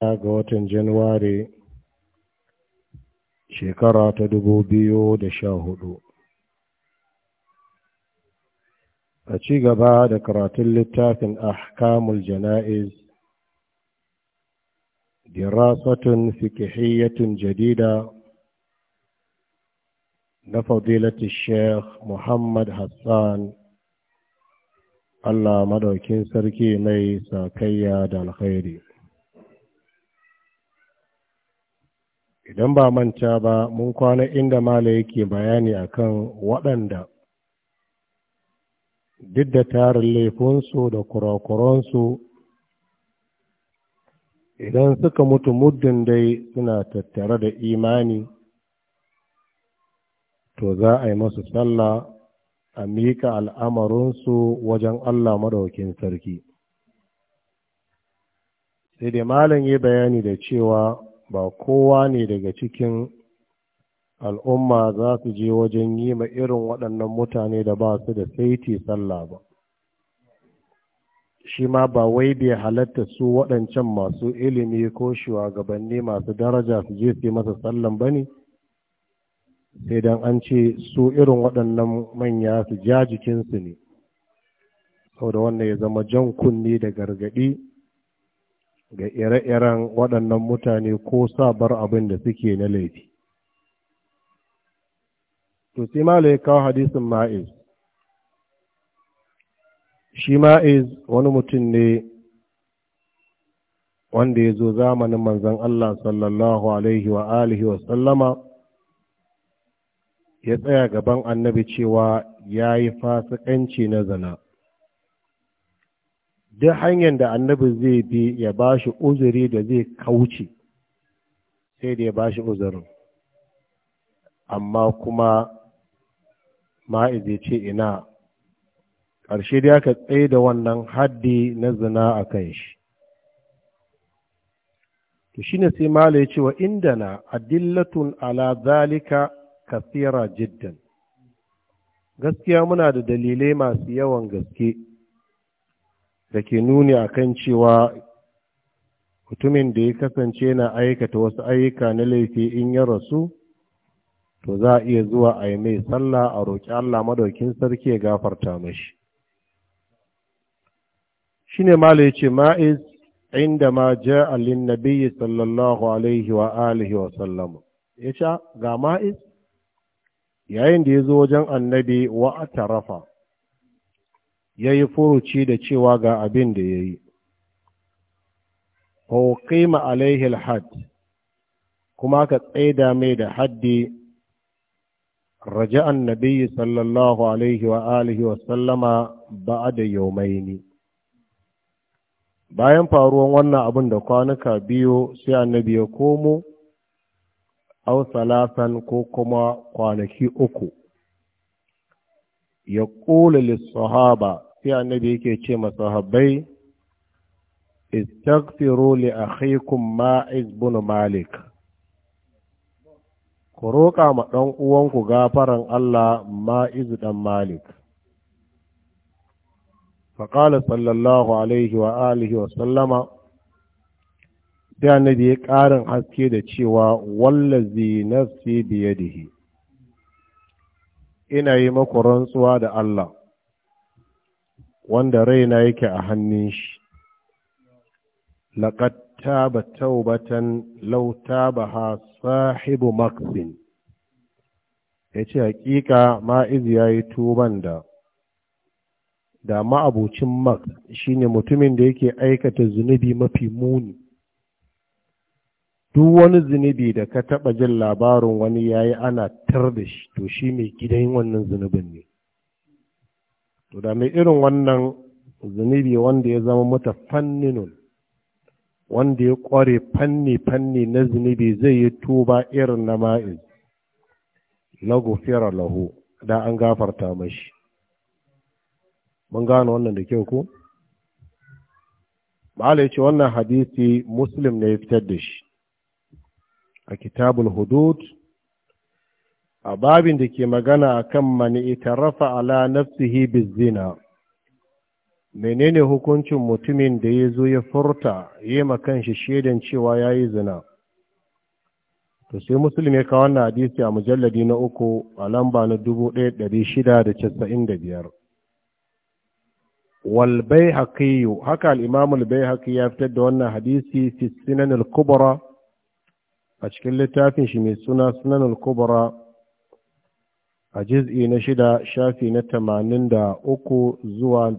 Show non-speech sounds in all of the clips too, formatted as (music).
ga watan Januwari shekara ta dubu biyu da sha hudu. A ci gaba da karatun littafin Ahkamul Jana'iz, dirasatun fikihiyatun jadida na fadilati Sheikh Muhammad Hassan Allah madaukin sarki mai sakayya da alkhairi. idan ba manta ba mun kwana inda mala yake bayani a kan waɗanda duk da tarin laifinsu da kurakuransu idan suka mutu muddin dai suna tattare da imani to za a yi masu sallah a miƙa al'amarinsu wajen Allah maɗaukin sarki. sai dai malam yi bayani da cewa ba kowa ne daga cikin al'umma za su je wajen yi ma irin waɗannan mutane da ba su da saiti sallah ba shi ma ba wai bai halatta su waɗancan masu ilimi ko shugabanni masu daraja su je su yi masa sallan ba ne sai don an ce su irin waɗannan manya su ja jikinsu ne sau da wannan ya zama jan kunni da gargaɗi ga ire-iren waɗannan mutane ko sabar abin da suke na laifi. To sai kawo hadisin ma'iz. Shi ma'iz wani mutum ne wanda ya zo zamanin manzan Allah sallallahu Alaihi wa alihi wa sallama ya tsaya gaban annabi cewa ya yi fasikanci na zana. duk hanyar da annabi zai bi ya ba shi uzuri da zai kauce sai da ya ba shi uzurin amma kuma ma'izai ce ina ƙarshe da aka tsaye da wannan haddi na zina a kan shi to shi ne sai mala ya ce inda na adillatun ala zalika kasira jiddan gaskiya muna da dalilai masu yawan gaske da ke nuni a kan cewa mutumin da ya kasance na aikata wasu ayyuka na laifi in ya rasu to za a iya zuwa a yi mai sallah a roƙi Allah madaukin sarki ya gafarta mashi shi ne ya ce ma'iz inda ma ja alin nabiyyi sallallahu alaihi wa alihi wa sallama ya ah, ga ma'iz yayin da ya zo wajen annabi wa a tarafa ya yi furuci da cewa ga abin da ya yi ma alaihil had kuma ka tsaida mai da haddi raja'an nabiyyi sallallahu alaihi wa alihi wa sallama ba a ba'ada yawmaini bayan faruwan wannan abin da kwanuka biyu sai annabi ya komo au salasan ko kuma kwanaki uku ya ƙula lissahaba sai annabi yake ce ma masahabbai istaghfiru li akhikum ma'iz bin malik ku roƙa ma ɗan uwanku gafaran Allah ma'iz ɗan malik faƙala sallallahu alaihi wa alihi wa sallama sai annabi ya ƙarin haske da cewa wallazi nafsi biyadihi ina yi maku rantsuwa da Allah wanda raina yake a hannun shi laqad taba taubatan law ha sahibu maqsin yace hakika ma'iz yayi tuban da da ma'abucin mak shine mutumin da yake aikata zunubi mafi muni duk wani zunubi da ka taɓa jin labarin wani yayi ana tar da shi to shi mai gidan wannan zunubin ne to da mai irin wannan zunubi wanda ya zama mata fanninun wanda ya kware fanni-fanni na zunubi zai yi tuba irin na ma'iz lagufera lahu da an gafarta mashi mun gano wannan da kyau ku? ma'ala ya ce wannan hadisi muslim ne ya fitar da shi a kitabul hudud a babin da ke magana a kan mani ita, rafa ala nafsihi bizina menene hukuncin mutumin da ya zo ya furta ya yi kanshi shaidan cewa ya yi zina to sai musulmi ya kawo wannan hadisi a mujalladi na uku a lamba na dubu ɗaya da da shida biyar walbai haƙiyu haka al'imamul bai haƙi ya fitar da wannan hadisi fi sunan a cikin littafin shi mai suna sunan al a jiz'i na shida shafi na tamanin da uku zuwa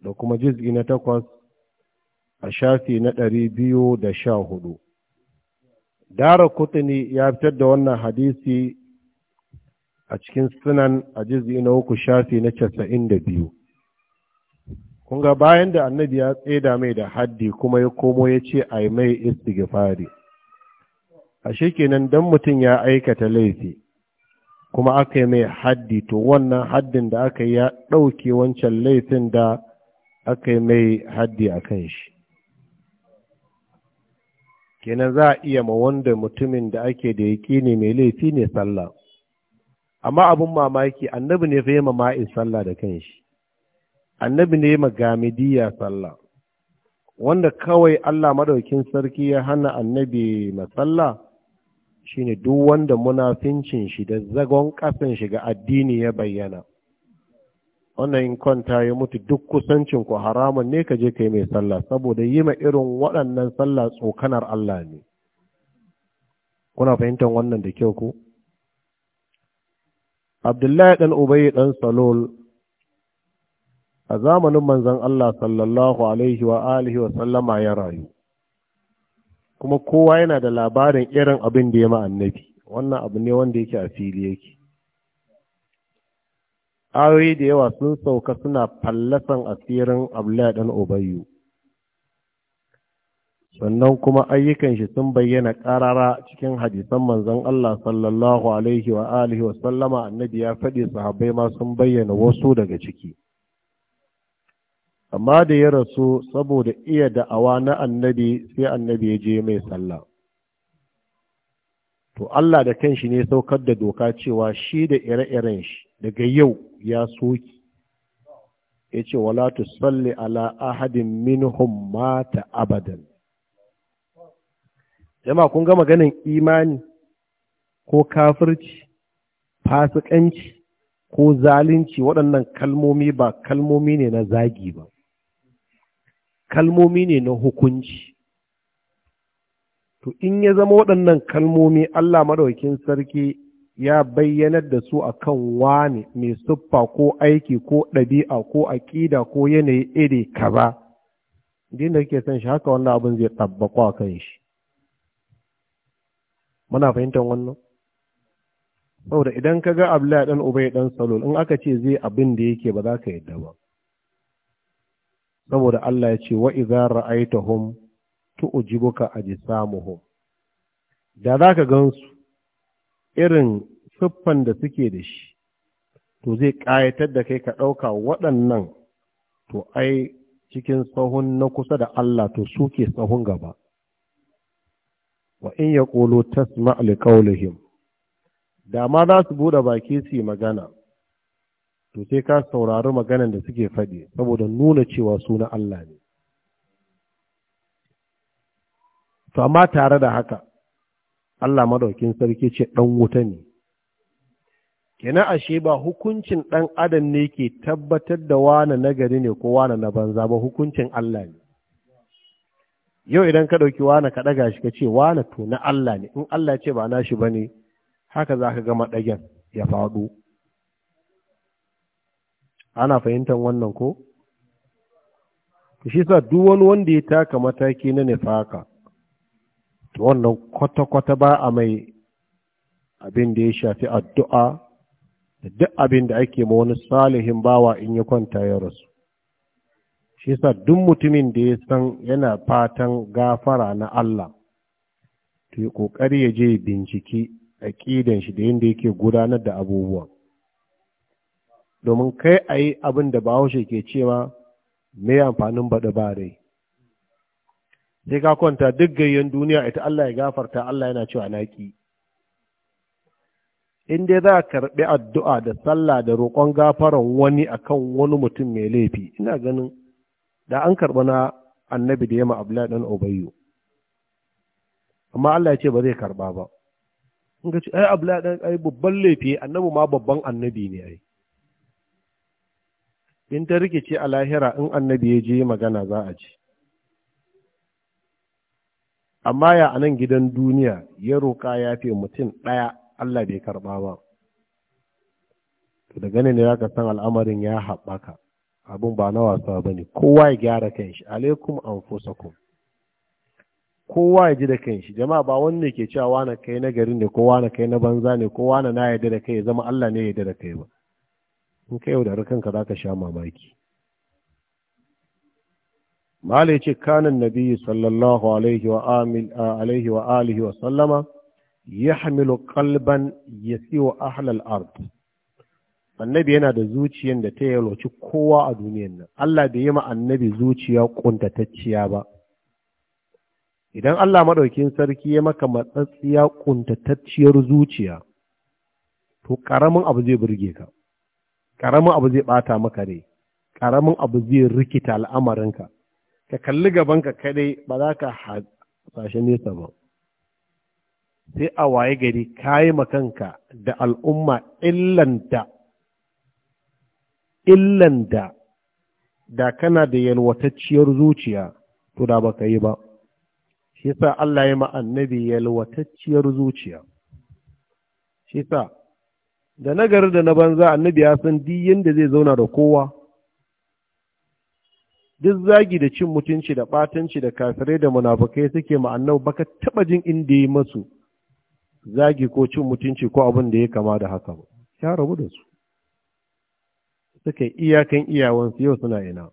da kuma jiz'i na takwas a shafi na ɗari biyu da sha hudu. Dara kutini ya fitar da wannan hadisi a cikin sunan a jiz'i na uku shafi na casa'in da biyu. Kunga bayan da annabi ya tseda mai da haddi kuma ya komo ya ce a mai istighfari. A kenan don mutum ya aikata laifi. kuma aka yi mai haddi to wannan haddin da aka yi ya ɗauke wancan laifin da aka yi mai haddi a kan shi kenan za a iya ma wanda mutumin da ake da yaƙi ne mai laifi ne sallah amma abin mamaki annabi ne fa yi ma ma'in sallah da kan shi annabi ne ma gamidiya sallah wanda kawai Allah madaukin sarki ya hana annabi Sallah? shine duk wanda munafincin shi da zagon kasan shi ga addini ya bayyana wannan in kwanta ya mutu duk kusancin ku haramun ne ka je kai mai sallah saboda yi ma irin waɗannan sallah tsokanar Allah ne kuna fahimtar wannan da kyau ku? Abdullahi dan Ubayy dan Salul a zamanin manzon Allah sallallahu alaihi wa alihi wa sallama ya rayu kuma kowa yana da labarin irin abin da ya ma'annabi annabi wannan abu ne wanda yake a fili yake ayoyi da yawa sun sauka suna fallasan asirin abdullahi dan ubayyu sannan kuma ayyukan shi sun bayyana ƙarara cikin hadisan manzon Allah sallallahu alaihi wa alihi wa sallama annabi ya faɗi sahabbai ma sun bayyana wasu daga ciki amma da ya rasu saboda iya da'awa na annabi sai annabi ya je mai sallah to Allah da kanshi ne saukar da doka cewa shi da ire-iren shi daga yau ya soki ya ce wala tusalli ala ahadin minhum mata abadan jama kun ga maganin imani ko kafirci fasikanci ko zalunci waɗannan kalmomi ba kalmomi ne na zagi ba kalmomi ne na hukunci to in ya zama waɗannan kalmomi Allah madaukakin sarki ya bayyanar da su akan wani mai siffa ko aiki ko ɗabi'a ko aƙida ko yanayi iri kaza din da kake son shi haka wannan abin zai tabbako a kan shi muna fahimtar wannan saboda idan ka ga abu dan ubai dan salo, in aka ce zai abin da yake ba za ka yadda ba saboda Allah ya ce wa tuujibuka a tu'jibuka ajsamuhum da za zaka gansu irin siffan da suke da shi to zai kayatar da kai ka ɗauka waɗannan to ai cikin sahun na kusa da Allah to suke sahun gaba wa in yaqulu tasma' liqawlihim da ma za su bude baki su yi magana to sai ka saurari maganan da suke faɗi saboda nuna cewa suna Allah ne to amma tare da haka Allah madaukin sarki ce ɗan wuta ne Kina ashe ba hukuncin ɗan adam ne ke tabbatar da wane nagari ne ko wane na banza ba hukuncin Allah ne yau idan ka ɗauki wane ka ɗaga shi ka ce wane to na Allah ne in Allah ce ba nashi ba ne haka za ka gama ɗagen ya faɗo ana fahimtar wannan ko shi sa duk wani wanda ya taka mataki na nifaka wannan kwata-kwata ba a mai abin da ya shafi addu'a da duk abin da ake ma wani salihin bawa in ya kwanta ya rasu shi sa duk mutumin da ya san yana fatan gafara na Allah to yi ƙoƙari ya je binciki aƙidan shi da yadda yake gudanar da abubuwan domin kai a yi abin da bahaushe ke cewa mai amfanin baɗi ba rai sai ka kwanta duk gayyan duniya ita Allah ya gafarta Allah yana cewa naƙi in dai za a karɓi addu'a da sallah da roƙon gafaran wani a kan wani mutum mai laifi ina ganin da an karɓi na annabi da yamma abu ɗan obayu amma Allah ya ce ba zai karɓa ba in ka ce ai abu ɗan ai babban laifi annabi ma babban annabi ne ai in ta rikice a lahira in annabi ya je magana za a ji amma ya a nan gidan duniya ya roƙa ya fi mutum ɗaya Allah bai karɓa ba Daga ne ne zaka san al'amarin ya haɓaka abin ba na wasa ba ne kowa ya gyara kanshi alaikum anfusakum kowa ya ji da kanshi jama'a ba ne ke cewa na kai na garin ne kowa na kai na banza ne kowa na na yadda da kai zama Allah ne ya da kai ba in ka yaudari kanka za ka sha mamaki malai ce kanan nabi sallallahu alaihi wa alihi wa sallama ya hamilu kalban ya siyo ahlal ard annabi yana da zuciyar da ta yalwaci kowa a duniyan nan Allah bai yi ma annabi zuciya kuntatacciya ba idan Allah maɗaukin sarki ya maka matsatsiya kuntatacciyar zuciya to ƙaramin abu zai burge ka ƙaramin abu zai ɓata maka ne ƙaramin abu zai rikita al'amarinka ka kalli gabanka kadai ba za ka hasashe nesa ba sai a waye gari kayi makanka da al'umma illanta illanta da kana da yalwatacciyar zuciya to da baka yi ba shi sa Allah ya ma annabi yalwatacciyar zuciya shi sa da nagari da na banza annabi ya san di yanda zai zauna da kowa duk zagi da cin mutunci da batanci da kafirai da munafukai suke ma annabi baka taba jin inda yi masu zagi ko cin mutunci ko abin da ya kama da haka ba ya rabu da su suka iyakan iyawansu yau suna ina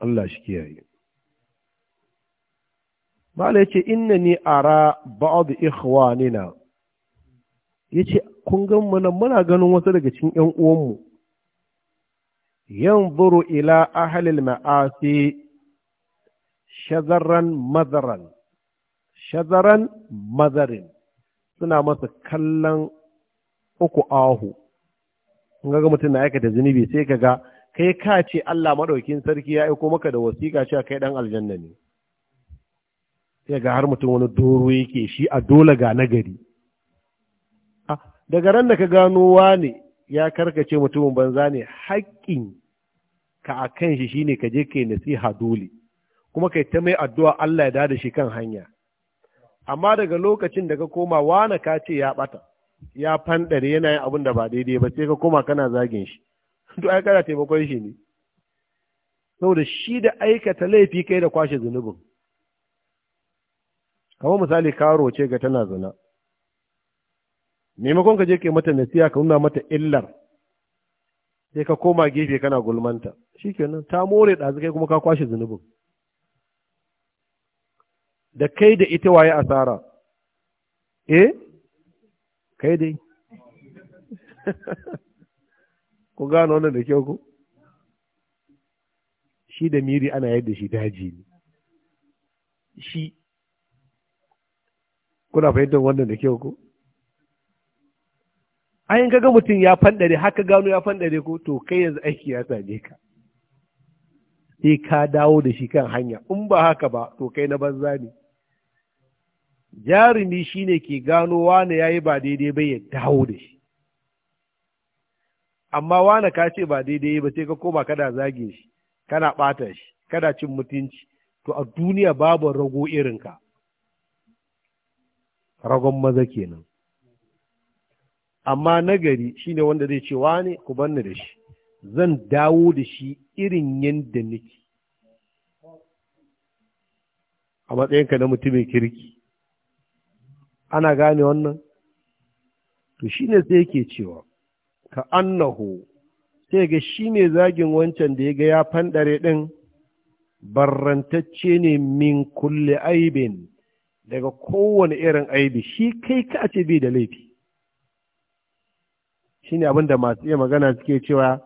Allah shi kiyaye Mala yace innani ara ba'd ikhwanina ce. kun gan mu muna ganin wasu daga cikin ƴan uwanmu yanzuru ila ahlil ma'asi shazaran mazaran shazaran mazarin suna masa kallon uku ahu kun ga mutum na aikata zunubi sai kaga kai ka ce Allah maɗaukin sarki ya aiko maka da wasiƙa cewa kai ɗan aljanna ne sai ga har mutum wani doro yake shi a dole ga nagari daga ran da ka gano wane ya karkace mutumin banza ne haƙƙin ka a kan shi shine ka je kai nasiha dole kuma kai ta mai addu'a Allah ya dada shi kan hanya amma daga lokacin da ka koma wane ka ce ya bata ya fandare yana yin abun da ba daidai ba sai ka koma kana zagin shi (laughs) to ai kana taimakon shi ne saboda shi da aikata laifi kai da kwashe zunubin kamar misali karo ce ga tana zina maimakon ka je ka mata nasiya ka nuna mata illar sai ka koma gefe kana gulmanta shikenan ta more ɗazu kai kuma ka kwashe zunubin da kai da ita waye asara eh kai dai (laughs) ku gano wannan da kyau ku shi da miri ana yadda shi daji ne shi kuna fahimtar wannan da kyau ku ayin kaga mutum ya fandare haka gano ya fanɗare ko to kai yanzu aiki ya same ka sai ka dawo da shi kan hanya in ba haka ba to kai na banza ne jarumi shine ke gano wane yayi ba daidai ba ya dawo da shi amma wane ka ce ba daidai ba sai ka koma kada zage shi kana ɓata shi kada cin mutunci to a duniya babu rago irinka ragon maza kenan amma nagari shine wanda zai ce wani ku banni da shi zan dawo da shi irin yadda nake a matsayinka na mutumin kirki ana gane wannan to shine sai yake cewa ka annahu sai ga shine zagin wancan da ya ga ya fandare din barrantacce ne min kulle aibin daga kowane irin aibi shi kai ka ce bai da laifi Shin abin da masu iya magana suke cewa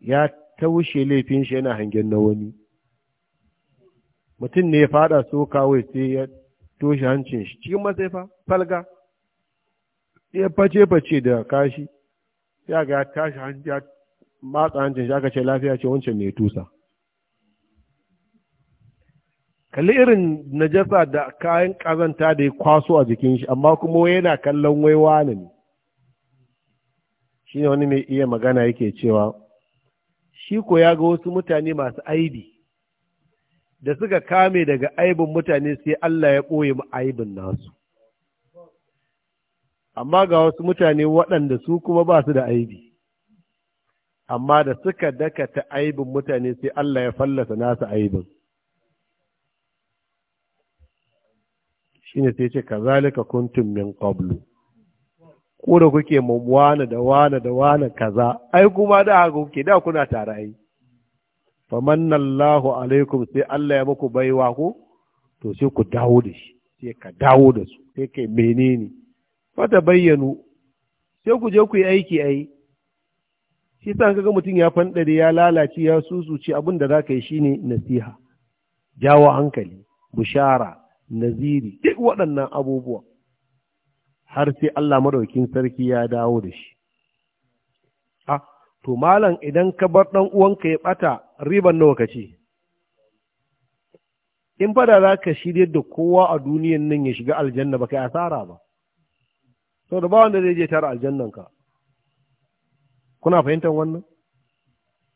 ya taushe laifin shi yana hangen na wani mutum ne ya fada so kawai sai ya toshe hancin shi cikin masaifa falga ya face-face da kashi ya ga ya tashi hanci ya matsa hancin shi aka ce lafiya ce wancan ne tusa kalli irin najasa da kayan kazanta da ya kwaso a jikin shi amma kuma yana kallon waiwa ne shi ne wani mai iya magana yake cewa shi ko ya ga wasu mutane masu aibi da suka kame daga aibin mutane sai Allah ya ɓoye mu aibin nasu amma ga wasu mutane waɗanda su kuma ba su da aibi amma da suka dakata aibin mutane sai Allah ya fallasa nasu aibin ne sai ce kazalika kuntum min qablu ko da kuke mumwana da wana da wana kaza ai kuma da haka kuke da kuna tare ai famannallahu alaikum sai Allah ya muku baiwa ko to sai ku dawo da shi sai ka dawo da su sai kai menene Fa ta bayyanu sai ku je ku yi aiki ai shi sa kaga mutum ya fandare ya lalace ya susuce abin da zaka yi shine nasiha jawo hankali bushara naziri duk waɗannan abubuwa har sai Allah maɗaukin sarki ya dawo da shi. A, ah, to malam idan ka bar ɗan uwanka ya ɓata riban nawa ka ce, in fada za ka shirya da kowa a duniyan nan ya shiga aljanna ba kai asara ba, sau da ba wanda zai je tara aljannan ka. Kuna fahimtar wannan?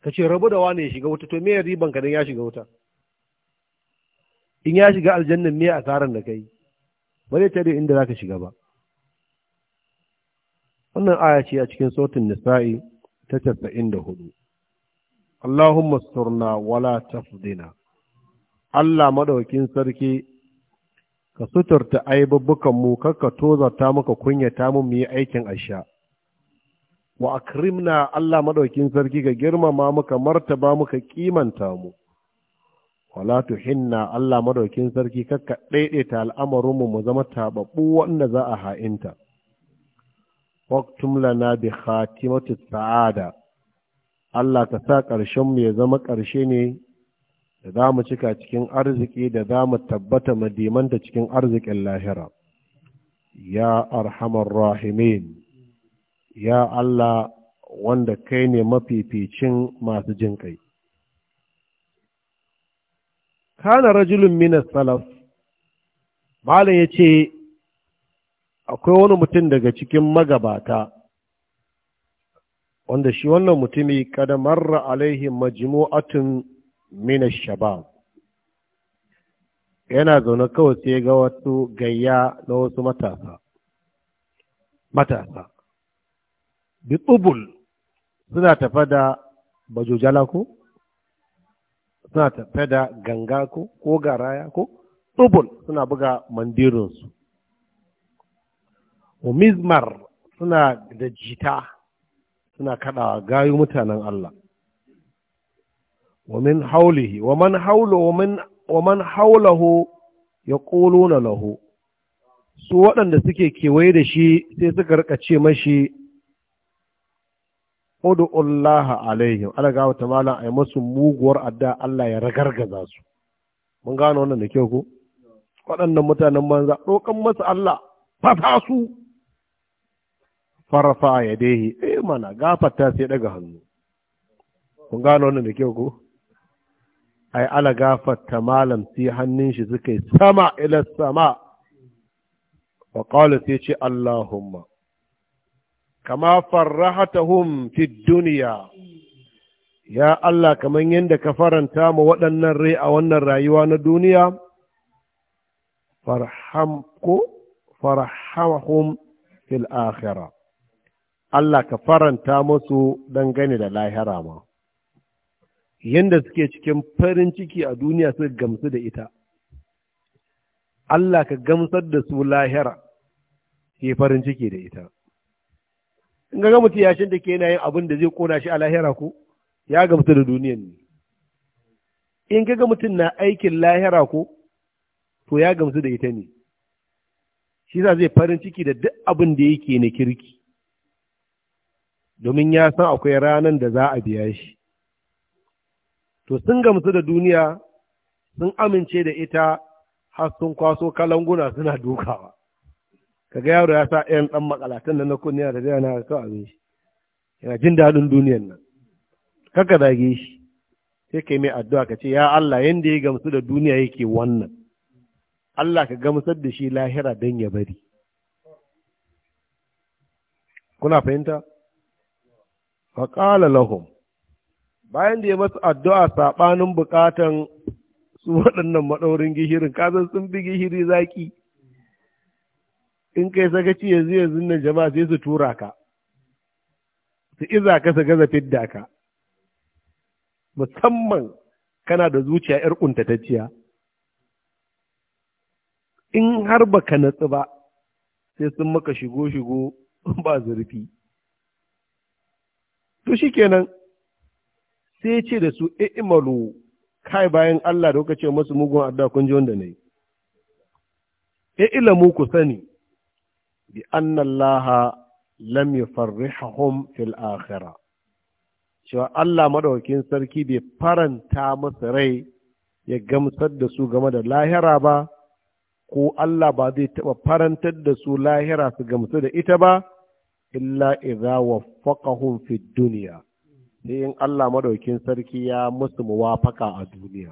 Ka ce rabu da wani ya shiga wuta, to me riban ka don ya shiga wuta? In ya shiga aljannan me asaran da kai, ba zai tare inda za ka shiga ba. wannan aya ce a cikin sautin nisa'i ta tasa'in da hudu Allahumma surna wala tafdina Allah madaukin sarki ka suturta aibubbukan mu kakka tozarta muka kunyata mu mu yi aikin asha wa akrimna Allah madaukin sarki ka girmama muka martaba muka kimanta mu wala tuhinna Allah madaukin sarki kakka daidaita al'amarin mu mu zama tababbu wanda za a ha'inta waktum lana bi khatimatu sa'ada Allah ka sa ƙarshen mu ya zama ƙarshe ne da za mu cika cikin arziki da za mu tabbata madimanta cikin arzikin lahira ya arhamar rahimin ya Allah wanda kai ne mafificin masu jin kai kana rajulun minas salaf malam ya ce akwai wani mutum daga cikin magabata wanda shi wannan mutumi kada marra alaihi majmu'atun min ash-shabab yana zaune kawai sai ga wasu gayya na wasu matasa matasa bi tubul suna tafa da bajojala ko suna tafe da ganga ko ko garaya ko tubul suna buga mandirinsu wa mizmar suna da jita suna kaɗawa gayu mutanen Allah wa min haulihi wa man haulahu wa man haulahu su waɗanda suke kewaye da shi sai suka rika ce mashi Allah alaihim ala ga wata mala ay masu muguwar adda Allah ya ragargaza su mun gano wannan da kyau ko waɗannan mutanen banza roƙan masa Allah fata su farafa ya dehi eh mana gafarta sai daga hannu kun gano wannan da kyau ko ai ala gafarta malam sai hannun shi suka yi sama ila sama wa qala sai ce allahumma kama farrahatahum fi dunya ya Allah kamar yadda ka faranta mu waɗannan rai a wannan rayuwa na duniya farham ko farhamhum fil akhirah Allah ka faranta musu dangane da lahira ma yanda suke cikin farin ciki a duniya suka gamsu da ita Allah ka gamsar da su lahira ke farin ciki da ita in ga mutum ya da ke yana yin abin da zai kona shi a lahira ko ya gamsu da duniyan ne in ga mutum na aikin lahira ko to ya gamsu da ita ne shi sa zai farin ciki da duk abin da yake na kirki domin ya san akwai ranar da za a biya shi to sun gamsu da duniya sun amince da ita har sun kwaso kalanguna suna dukawa ga yaro ya sa ɗayan ɗan makalatan nan na kunniya da zai na kawo abin shi yana jin daɗin duniyan nan kaka zage shi sai yi mai addu'a ka ce ya Allah yadda ya gamsu da duniya yake wannan Allah ka gamsar da shi lahira don ya bari kuna fahimta faƙala lahum bayan da ya masu addu'a saɓanin buƙatan su waɗannan maɗaurin gihirin kasan sun bi gishiri zaƙi in kai sakaci yanzu yanzu nan jama'a sai su tura ka su iza ka su gaza fidda ka musamman kana da zuciya ‘yar ƙuntatacciya in har baka natsu ba sai sun maka shigo-shigo (laughs) ba zurfi to shi kenan sai ce da su e, i'malu kai bayan Allah da kuka ce masu mugun addu'a kun ji wanda ne i'lamu ku sani bi anna Allah lam yufarrihahum fil akhirah cewa Allah madaukakin sarki bai faranta masa rai ya gamsar da su game da lahira ba ko Allah ba zai taɓa farantar da su lahira su gamsu da ita ba, illa idza waffaqahum fi duniya sai in Allah madaukin sarki ya musu muwafaka a duniya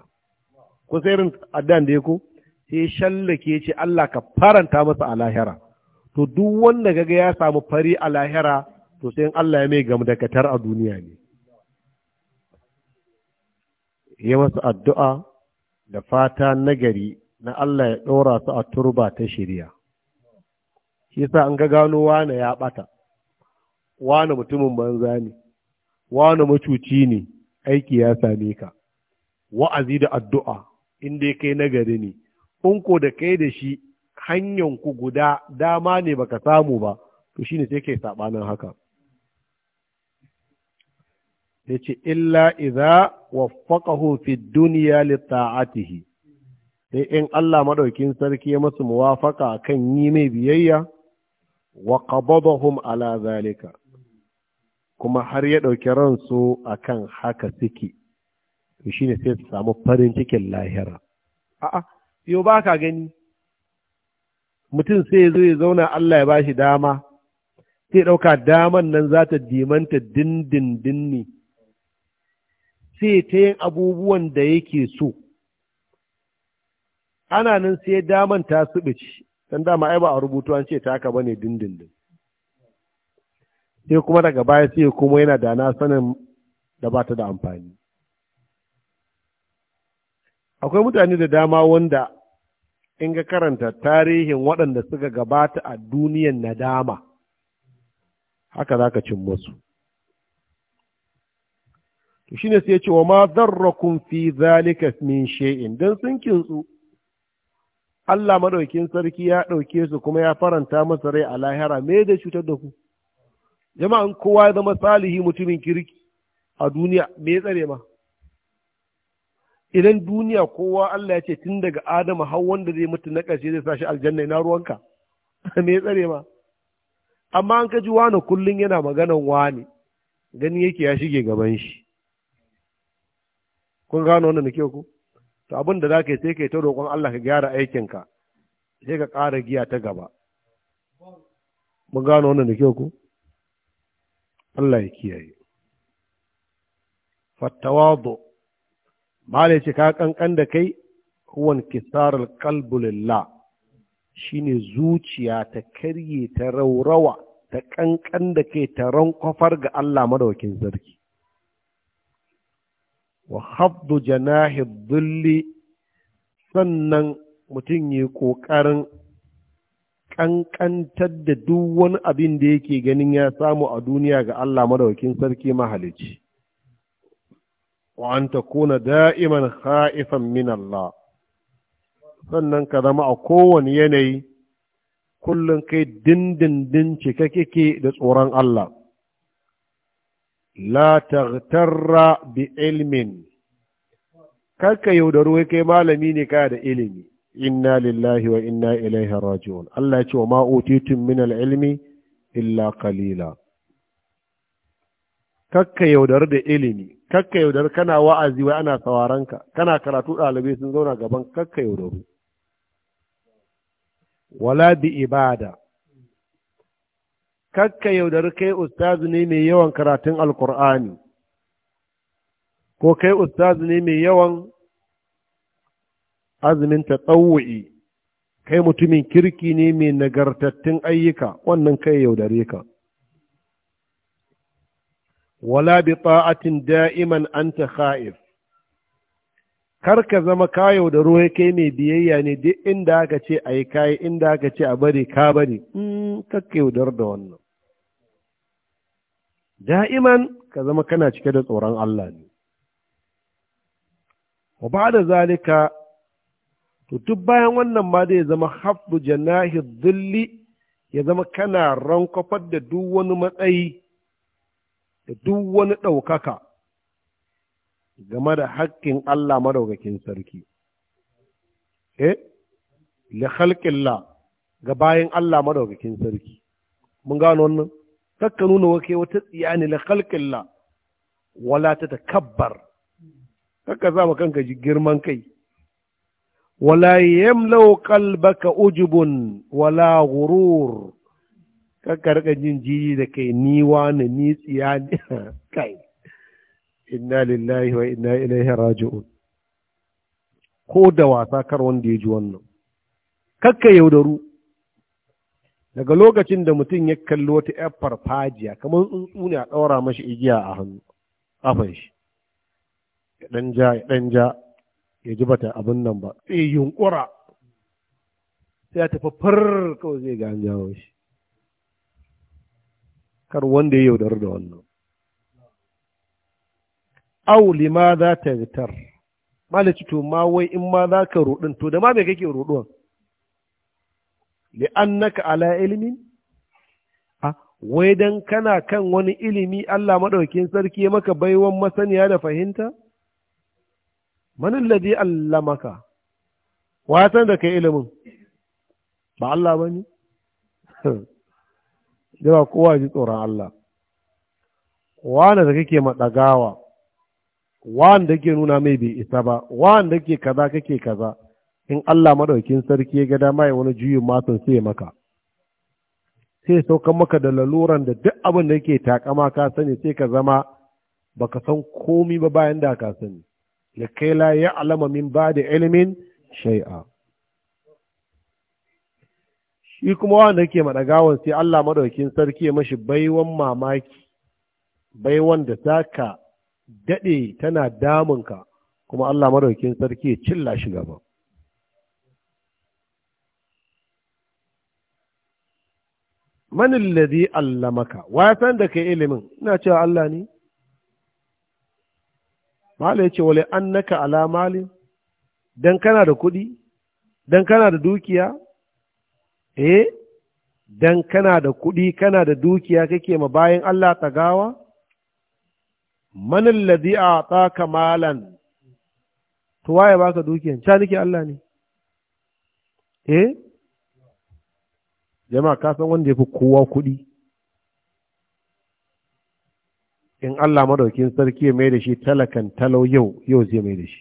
ko sai addan da ku sai shallake ce Allah ka faranta masa a to duk wanda gaga ya samu fari a lahira to sai in Allah ya mai gamdakatar a duniya ne ya masu addu'a da fata nagari na Allah ya ɗora su a turba ta shirya shi sa an ga gano wane ya ɓata wane mutumin banza ne wane macuci ne aiki ya same ka wa'azi da addu'a in dai kai nagari ne in ko da kai da shi hanyar ku guda dama ne baka samu ba to shine sai kai sabanin haka yace illa idza waffaqahu fi dunya li ta'atihi sai in Allah maɗaukin sarki ya masu muwafaka kan yi mai biyayya wa qabadahum ala zalika kuma har ya ɗauki ransu a kan haka suke to shi ne sai su samu farin cikin lahira a'a yau ba ka gani mutum sai ya zo ya zauna Allah ya ba shi dama sai ɗauka daman nan za ta dimanta dindindin ne sai ta yin abubuwan da yake so ana nan sai daman ta subici don dama ai ba a rubutu an ce ta ka bane dindindin sai kuma daga baya sai kuma yana da na sanin da ba ta da amfani akwai mutane da dama wanda in ga karanta tarihin waɗanda suka gabata a duniyan nadama haka za ka cin masu. to ne sai ce wa ma zarrakum fi zalika min she'in don sun kintsu Allah maɗaukin sarki ya ɗauke su kuma ya faranta masa rai a lahira me da cutar da ku jama'an kowa ya zama salihi mutumin kirki a duniya me ya tsare ma idan duniya kowa Allah ya ce tun daga Adamu har wanda zai mutu na ƙarshe zai sa shi aljanna ina ruwanka (laughs) me ya tsare ma amma an kaji wani kullum yana maganan wani gani yake ya shige gaban shi kun gano wannan nake ku to abin da zaka yi sai kai ta roƙon Allah ka gyara aikin ka sai ka ƙara giya ta gaba mun gano wannan nake ku Allah ya kiyaye fattawadu da ce ka kankan da kai huwan kisarar Shi ne zuciya ta karye ta raurawa ta kankan da kai ta rankwafar ga Allah madawakin sarki wa hafdu janahi dhilli sannan mutum yi ƙoƙarin ƙanƙantar da duk wani abin da yake ganin ya samu a duniya ga Allah madaukin sarki mahalici. Wa’an ta kuna da'iman ha'ifan min Allah, sannan ka zama a kowane yanayi kullum kai dindindin cika kike da tsoron Allah. La taghtarra bi ilmin, karka yaudaru kai malami ne kaya da ilimi. inna lillahi wa inna ilaihi raji'un Allah ya ce wa ma utitum min al-ilmi illa qalila kakka yaudar da ilimi kakka yaudar kana wa'azi wai ana sawaranka kana karatu dalibi sun zauna gaban kakka yaudaru wala bi ibada kakka yaudar kai ustazu ne mai yawan karatun alkur'ani ko kai ustazu ne mai yawan azumin ta tatawu'i kai mutumin kirki ne mai nagartattun ayyuka wannan kai yaudare ka wala bi ta'atin da'iman anta kha'if kar ka zama ka yaudaro kai mai biyayya ne duk inda aka ce a yi inda aka ce a bari ka bari in hmm, ka yaudar da wannan da'iman ka zama kana cike da tsoron Allah ne wa ba zalika to duk bayan wannan ma dai ya zama hafdu janahi dhilli ya zama kana rankwafar da duk wani matsayi da duk wani ɗaukaka game da haƙƙin Allah madaukakin sarki eh li khalqillah ga bayan Allah madaukakin sarki mun gano wannan kakka nuna wa kai wata tsiyani la khalqilla wala ta kabbar. kakka za mu kanka ji girman kai wala yamlau qalbaka ujubun wala ghurur kakka rika jin jiji da kai ni wani ni tsiya ne kai inna lillahi wa inna ilaihi raji'un ko da wasa kar wanda ya ji wannan kakka yaudaru daga lokacin da mutum ya kalli wata ‘yar farfajiya kamar tsuntsu ne a daura mashi igiya a hannu afan ya ɗan ja ya ɗan ja ya ji bata abin nan ba sai yunkura sai ya tafi far kawai zai ga an jawo shi kar wanda ya yaudar da wannan au lima za ta vitar malaci to ma wai in ma za ka ruɗin to da ma mai kake ruɗuwan li'annaka ala A wai dan kana kan wani ilimi Allah maɗaukin sarki ya maka baiwan masaniya da fahimta manin ladi allamaka watan da kai ilimin ba Allah ba ne? (laughs) Jama kowa ji tsoron Allah. Wane da kake maɗagawa, wane da ke nuna mai bai isa ba, wane da ke kaza kake kaza, in Allah maɗaukin sarki ya gada mai wani juyin matan sai maka. Sai saukan maka da laluran da duk abin da yake takama ka sani sai ka zama baka san komi ba bayan da ka sani. likai ya ya'lama min ba'da ilimin shai'a. shi kuma wanda ke madagawan sai Allah madaukin sarki ya mashi baiwan mamaki baiwan da taka dade tana damunka kuma Allah madaukin sarki ya cilla shi gaba man alladhi allamaka wa san da kai ilimin ina cewa Allah ne Malam ya ce, wale an naka alamali, don kana da kuɗi, don kana da dukiya? Eh, don kana da kuɗi, kana da dukiya kake ma bayan Allah ta gawa? Manin ladi a tsaka malan, tuwa ya ka dukiyan, ca nake Allah ne? Eh, jama'a ka san wanda ya fi kowa kuɗi. in Allah madaukin sarki ya mai da shi talakan talau yau yau zai mai da shi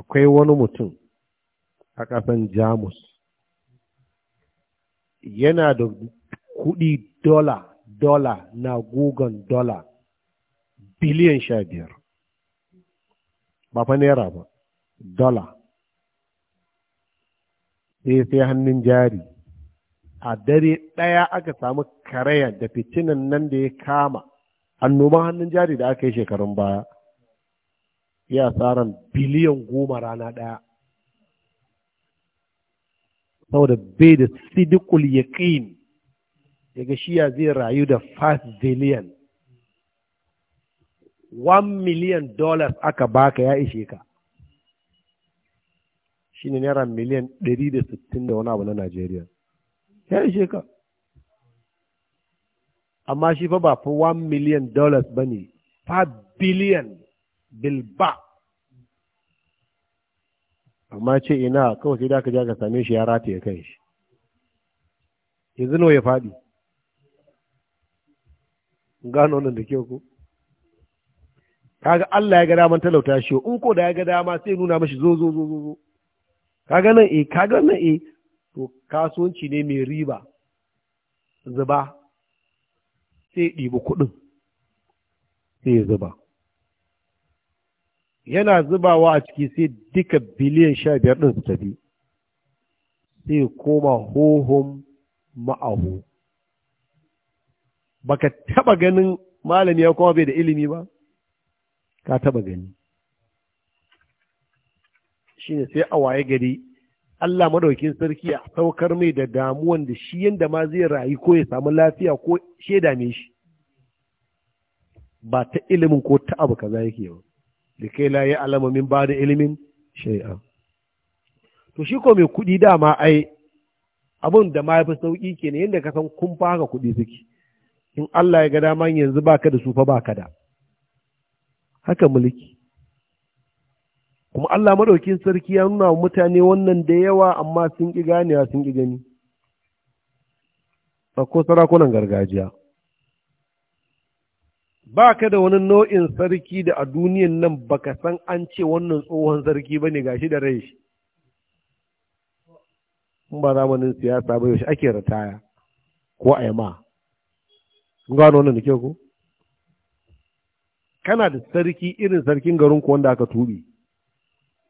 akwai wani mutum a ƙasan jamus yana da kuɗi dola dola na gugan dola biliyan sha biyar ba fa naira ba dola sai sai hannun jari a dare ɗaya aka samu karaya da fitinan nan da ya kama annoban hannun jari da aka yi shekarun baya ya tsaron biliyan goma rana ɗaya saboda bai da sidikul yaƙin daga shiya zai rayu da 5 billion 1 million dollars aka baka ya ishe ka shi ne naira miliyan 160 da wani abu na najeriya ya ishe ka amma shi fa ba fa 1 million dollars ba ne 5 billion bilba amma ce ina kawai sai da ka ja ka same shi ya ya kai shi yanzu nawa ya faɗi gano nan da kyau ko kaga Allah ya ga daman talauta shi in ko da ya ga dama sai nuna mashi zo zo zo zo kaga nan eh kaga nan eh to kasuwanci ne mai riba zuba sai ɗibi kuɗin sai ya zuba yana zubawa a ciki sai duka biliyan sha biyar ɗin su tafi sai koma hohon ma'ahu baka taba ganin malami ya kuma bai da ilimi ba ka taba gani shine sai a waye gari Allah madaukin sarki ya saukar mai da damuwan da shi yanda ma zai rayu ko ya samu lafiya ko shaida me shi ba ta ilimin ko ta abu kaza yake ba da kai la ya alama min ba da ilimin shay'a to shi ko mai kuɗi dama ai abun da ma yafi sauki kenan yanda ka san kun fa kuɗi suke in Allah ya ga dama yanzu baka da su fa baka da haka mulki kuma Allah maɗaukin sarki ya nuna wa mutane wannan da yawa amma sun ƙi ganewa sun ƙi gani sako sarakunan gargajiya ba ka da wani nau'in sarki da a duniyan nan baka san an ce wannan tsohon sarki ba ne gashi da rai shi in ba zamanin siyasa ba yaushe ake rataya ko a yama gano wannan da ke ku kana da sarki irin sarkin garin ku wanda aka tubi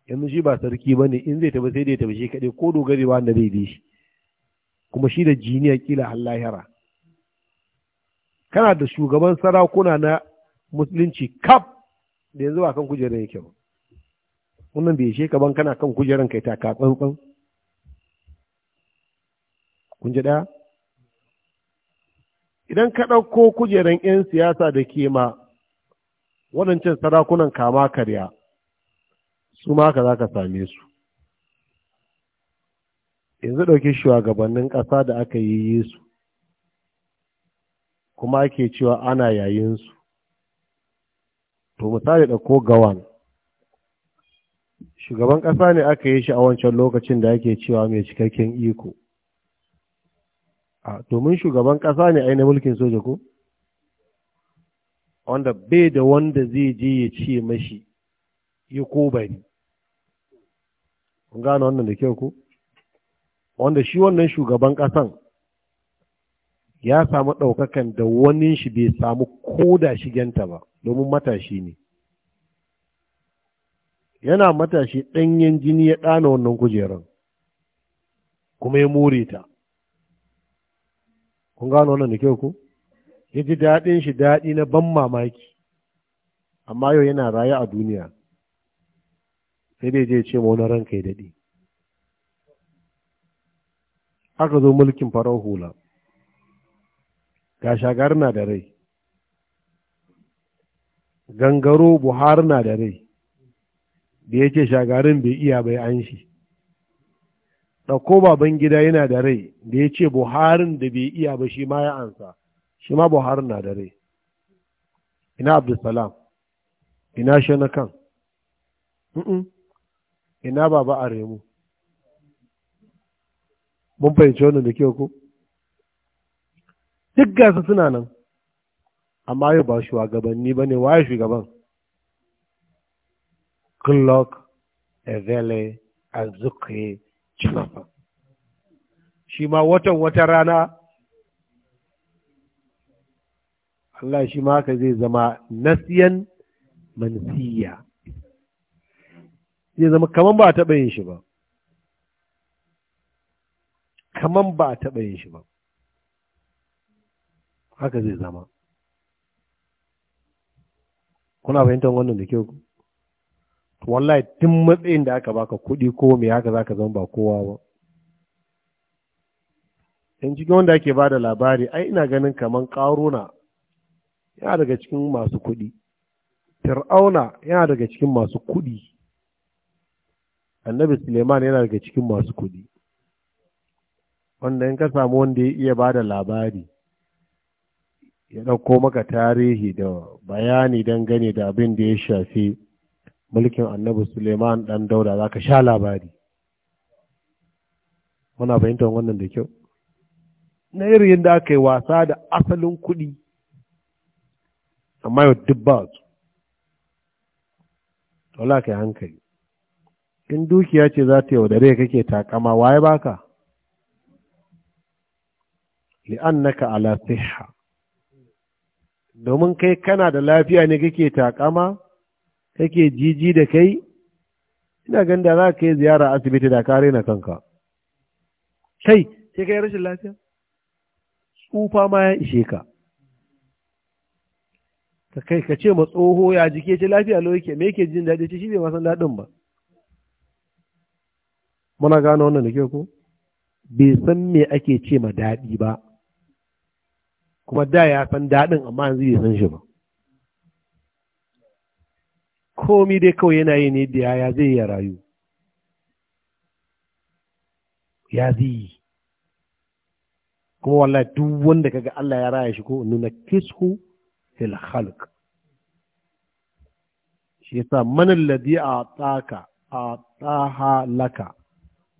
yanzu shi ba sarki ba ne in zai tafi sai dai tafi shi kaɗai ko dogarewa wanda zai bi shi kuma shi da jiniya kila allahira kana da shugaban sarakuna na musulunci kaf da yanzu ba kan kujerar yake ba wannan bai sheka ka ban kana kan kujerar kai taka tsantsan kun ji ɗaya idan ka ɗauko kujerar 'yan siyasa da ke ma waɗancan sarakunan kama karya su ma haka za ka same su yanzu ɗauki shugabannin ƙasa da aka yi su kuma ake cewa ana yayinsu to misali ɗauko gawan shugaban ƙasa ne aka yi shi a wancan lokacin da ake cewa mai cikakken iko a domin shugaban ƙasa ne ainihin mulkin soja ko wanda bai da wanda zai je ya ce mashi ya ko bari kun gane wannan da kyau ku wanda shi wannan shugaban ƙasan ya samu ɗaukakan da wani shi bai samu koda shigenta ba domin matashi ne yana matashi ɗanyen jini ya ɗana wannan kujeran kuma ya more ta kun gano wannan da kyau ku ya ji daɗin shi daɗi na ban mamaki amma yau yana raye a duniya sai dai je ce ma wani ranka ya daɗe aka zo mulkin farar hula ga shagar na da rai gangaro buhari na da rai da ya ce shagarin bai iya bai an shi ɗauko baban gida yana da rai da ya ce buharin da bai iya ba shi ma ya ansa shi ma buharin na da rai ina abdulsalam ina shi na kan ina baba a remu mun fahimci wannan da kyau ko duk gasa suna nan amma yau ba shugabanni ba ne waye shugaban Glock, Evele, Azuke, Chinafa. Shi ma watan wata rana, Allah shi ma haka zai zama nasiyan mansiya. zai zama kaman ba a taɓa yin shi ba kaman ba a taɓa yin shi ba haka zai zama kuna fahimtar wannan da kyau wallahi tun matsayin da aka baka kuɗi ko me haka za ka zama ba kowa ba Yan cikin wanda ake ba da labari ai ina ganin kaman ƙaruna yana daga cikin masu kuɗi fir'auna yana daga cikin masu kuɗi annabi suleiman yana daga cikin masu kuɗi wanda in ka samu wanda ya iya ba da labari ya ɗauko maka tarihi da bayani dangane da abin da ya shafi mulkin annabi suleiman ɗan dauda za ka sha labari muna fahimtar wannan da kyau na irin da aka yi wasa da asalin kuɗi amma yau duk ba su ka yi hankali in dukiya ce za ta yaudare kake takama waye baka li'annaka ala sihha domin kai kana da lafiya ne kake takama kake jiji da kai ina da za ka yi ziyara asibiti da kare na kanka kai sai kai rashin lafiya tsufa ma ya ishe ka ka kai ka ce ma tsoho ya jike ce lafiya lau yake me yake jin daɗi ce shi bai masan daɗin ba muna gano wannan da ke ku bai san me ake ce ma daɗi ba kuma da ya san daɗin amma yanzu bai san shi ba komi dai kawai yana yi ne da yaya zai ya rayu ya zai kuma wallahi duk wanda kaga Allah ya raya shi ko nuna kisku fil khalq shi yasa man alladhi ataka ataha laka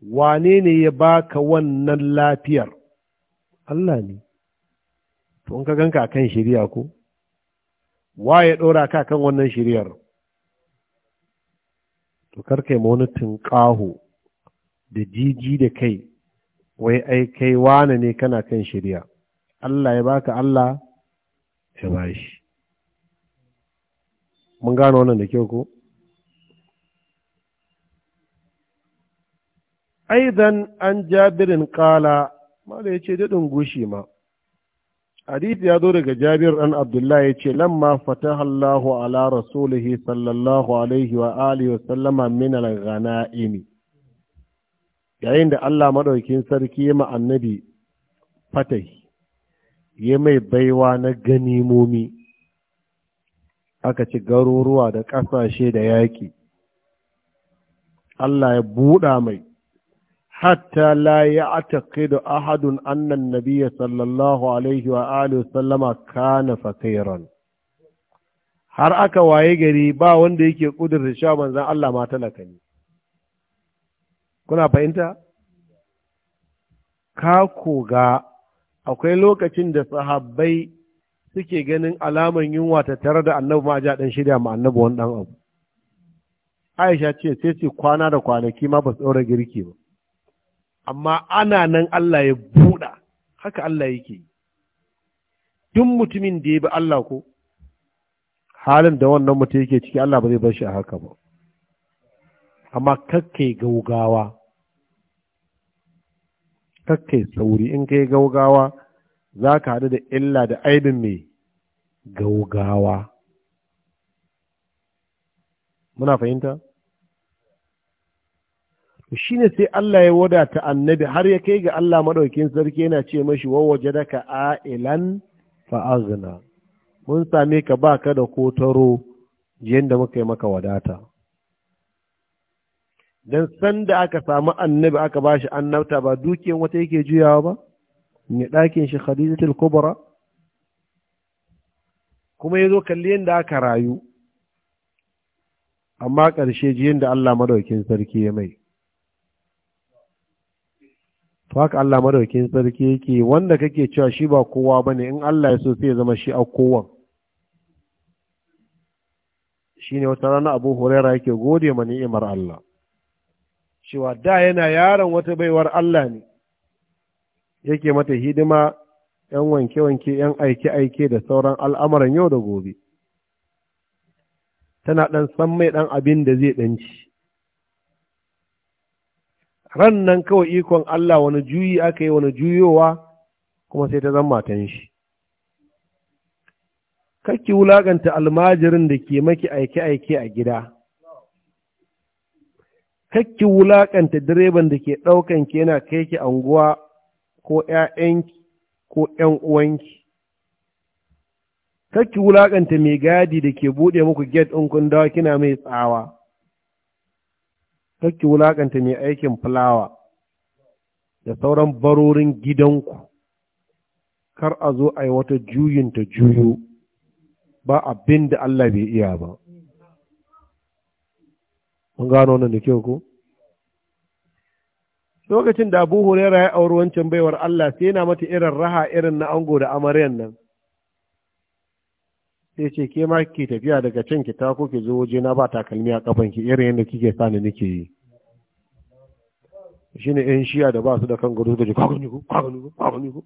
wane ne ya baka wannan lafiyar Allah ne to in ka ganka kan shirya ko wa ya ɗora ka kan wannan shiryar to kai yi wani tunƙaho da jiji da kai wai ai kai wane ne kana kan shirya Allah ya baka Allah ya bashi mun gano wannan da kyau ko aidan an jabirin kala mala ya ce daɗin gushi ma hadith ya zo daga jabir ɗan abdullahi ya ce ma fataha hallahu ala rasulihi sallallahu alaihi wa alihi wa sallama min al-ghanaimi yayin da Allah madaukin sarki ya ma annabi fatahi ya mai baiwa na ganimomi aka ci garuruwa da ƙasashe da yaƙi Allah ya buɗa mai حتى لا يعتقد ahadun أن النبي صلى sallallahu alaihi وآله وسلم sallama فقيرا har aka waye gari ba wanda yake kudurta cewa manzan Allah ma talaka ne kuna fahimta ka koga akwai lokacin da sahabbai suke ganin alaman yunwa ta tare da annabi ma ja dan shirya ma annabi wani dan abu Aisha ce sai ce kwana da kwanaki ma ba su ɗaura girki ba amma ana nan Allah ya buɗa haka Allah yake duk mutumin da ya bi Allah ko halin da wannan mutum yake ciki Allah ba zai bar shi a haka ba amma kakke gaugawa kakke sauri in kai gaugawa za ka haɗu da illa da aibin mai gaugawa muna fahimta shi ne sai Allah ya wadata annabi har ya kai ga Allah maɗaukin sarki yana ce mashi wawaje daga a'ilan fa'azina mun same ka ba ka da kotaro yadda muka yi maka wadata don sanda aka samu annabi aka ba shi annabta ba dukiyar wata yake juyawa ba ne ɗakin shi khadijatul kubra kuma ya zo kalli yadda aka rayu amma ƙarshe ji yadda Allah maɗaukin sarki ya mai to haka Allah madaukin sarki yake wanda kake cewa shi ba kowa bane in Allah ya so sai ya zama shi a kowan shine wata rana Abu Huraira yake gode ma imar Allah cewa da yana yaron wata baiwar Allah ne yake mata hidima ‘yan wanke-wanke, ‘yan aike-aike da sauran al'amuran yau da gobe, tana ɗan san mai ɗan abin da zai ɗanci, ran nan kawai ikon Allah wani juyi aka yi wani juyowa kuma sai ta zama matan shi kakki wulaganta almajirin da ke maki aike-aike a gida kakki wulakanta direban da ke ɗaukan ke yana kai ki anguwa ko ‘ya'yanki ko ‘yan uwanki kakki wulakanta mai gadi da ke buɗe muku get ɗin kun dawa kina mai tsawa kakki wulaƙanta mai aikin fulawa da sauran barorin gidanku kar a zo a yi wata juyin ta juyo ba abin da Allah bai iya ba mun gano wannan da kyau ko lokacin da abu hurera ya auri wancan baiwar Allah sai yana mata irin raha irin na ango da amaryan nan sai ce ke ma ki tafiya daga can ki ta ko ki zo waje na ba takalmi a kafan ki irin yadda kike sani nake yi shine yan shiya da ba su da kan gado da jikin kwanu ko kwanu ko kwanu ko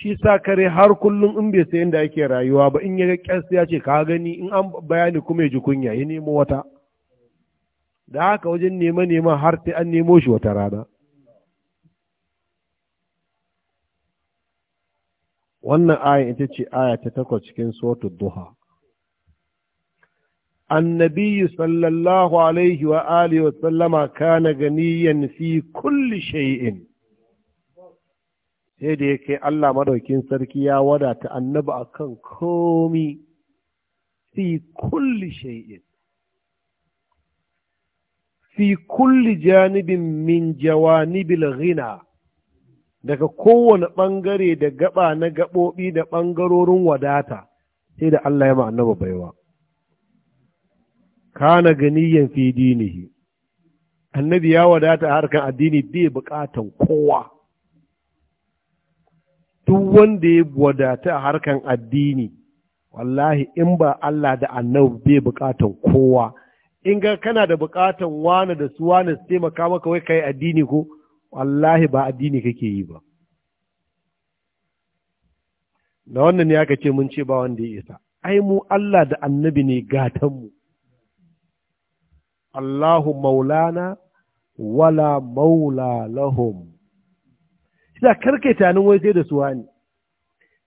shi sa kare har kullum in bai sayan da yake rayuwa ba in ya ga kyas ya ce ka gani in an bayani kuma ya ji kunya ya nemo wata da haka wajen nema nema har sai an nemo shi wata rana wannan aya ita ce aya ta takwas cikin Sotu duha annabi sallallahu alaihi wa alihi wa sallama kana ganiyan fi kulli shay'in sai da yake Allah madaukin sarki ya wadata annabi akan komi fi kulli shay'in fi kulli janibin min jawanibil ghina daga kowane ɓangare da gaba na gaɓoɓi da ɓangarorin wadata sai da Allah ya ma annaba baiwa kana ganiyan fi dinihi annabi ya wadata a harkar addini bai buƙatan kowa duk wanda ya wadata a harkar addini wallahi in ba Allah da annabi bai buƙatan kowa in ga kana da buƙatan wane da su wane su taimaka maka wai kai addini ko wallahi ba addini kake yi ba da wannan ya aka ce mun ce ba wanda ya isa ai mu Allah da annabi ne gatanmu Allahu maulana wala maula lahum shi karke tanin wai sai da su wani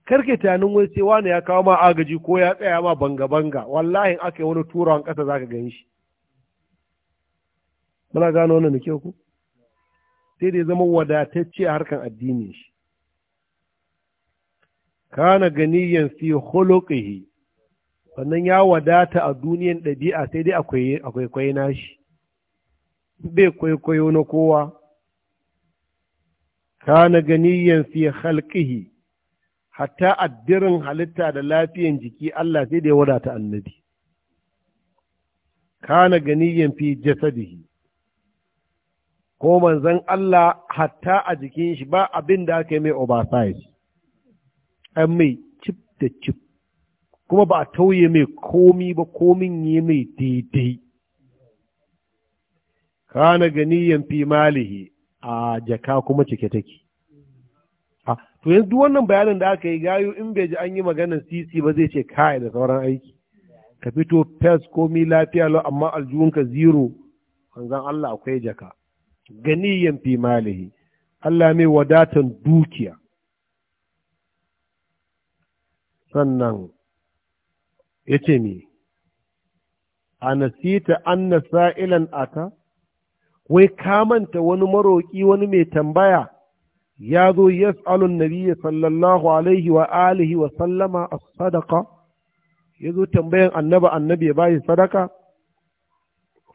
karke tanin wai sai wani ya kawo ma agaji ko ya tsaya ma banga-banga wallahi aka yi wani turawan kasa zaka ka gan shi muna gano wannan da kyau ku sai da ya zama wadatacce a harkan addinin shi kana ganiyan fi holokahi, sannan ya wadata a duniyan ɗabi'a sai dai akwai akwai nashi bai kwaikwayo na kowa kana ganiyan fi halƙihi hatta addirin halitta da lafiyan jiki Allah sai da ya wadata annabi kana ganiyan fi jasadihi ko manzan Allah hatta a jikin shi ba abin da aka yi mai oversize an mai cip da cip kuma ba a tauye mai komi ba komin yi mai daidai kana ganiyan fi malihi a jaka kuma cike take ah, to yanzu wannan bayanin da aka yi gayu in bai ji an yi maganar sisi ba zai ce kai da sauran aiki ka fito pes komi lafiya lau amma aljuhunka zero manzan Allah akwai jaka ganiyan fi malihi Allah mai wadatan dukiya sannan ya ce mi a nasita an sa'ilan aka wai kamanta wani maroƙi wani mai tambaya ya zo yas'alun nabiyya sallallahu alaihi wa alihi wa sallama as-sadaqa yazo tambayan annaba annabi ya bayi sadaka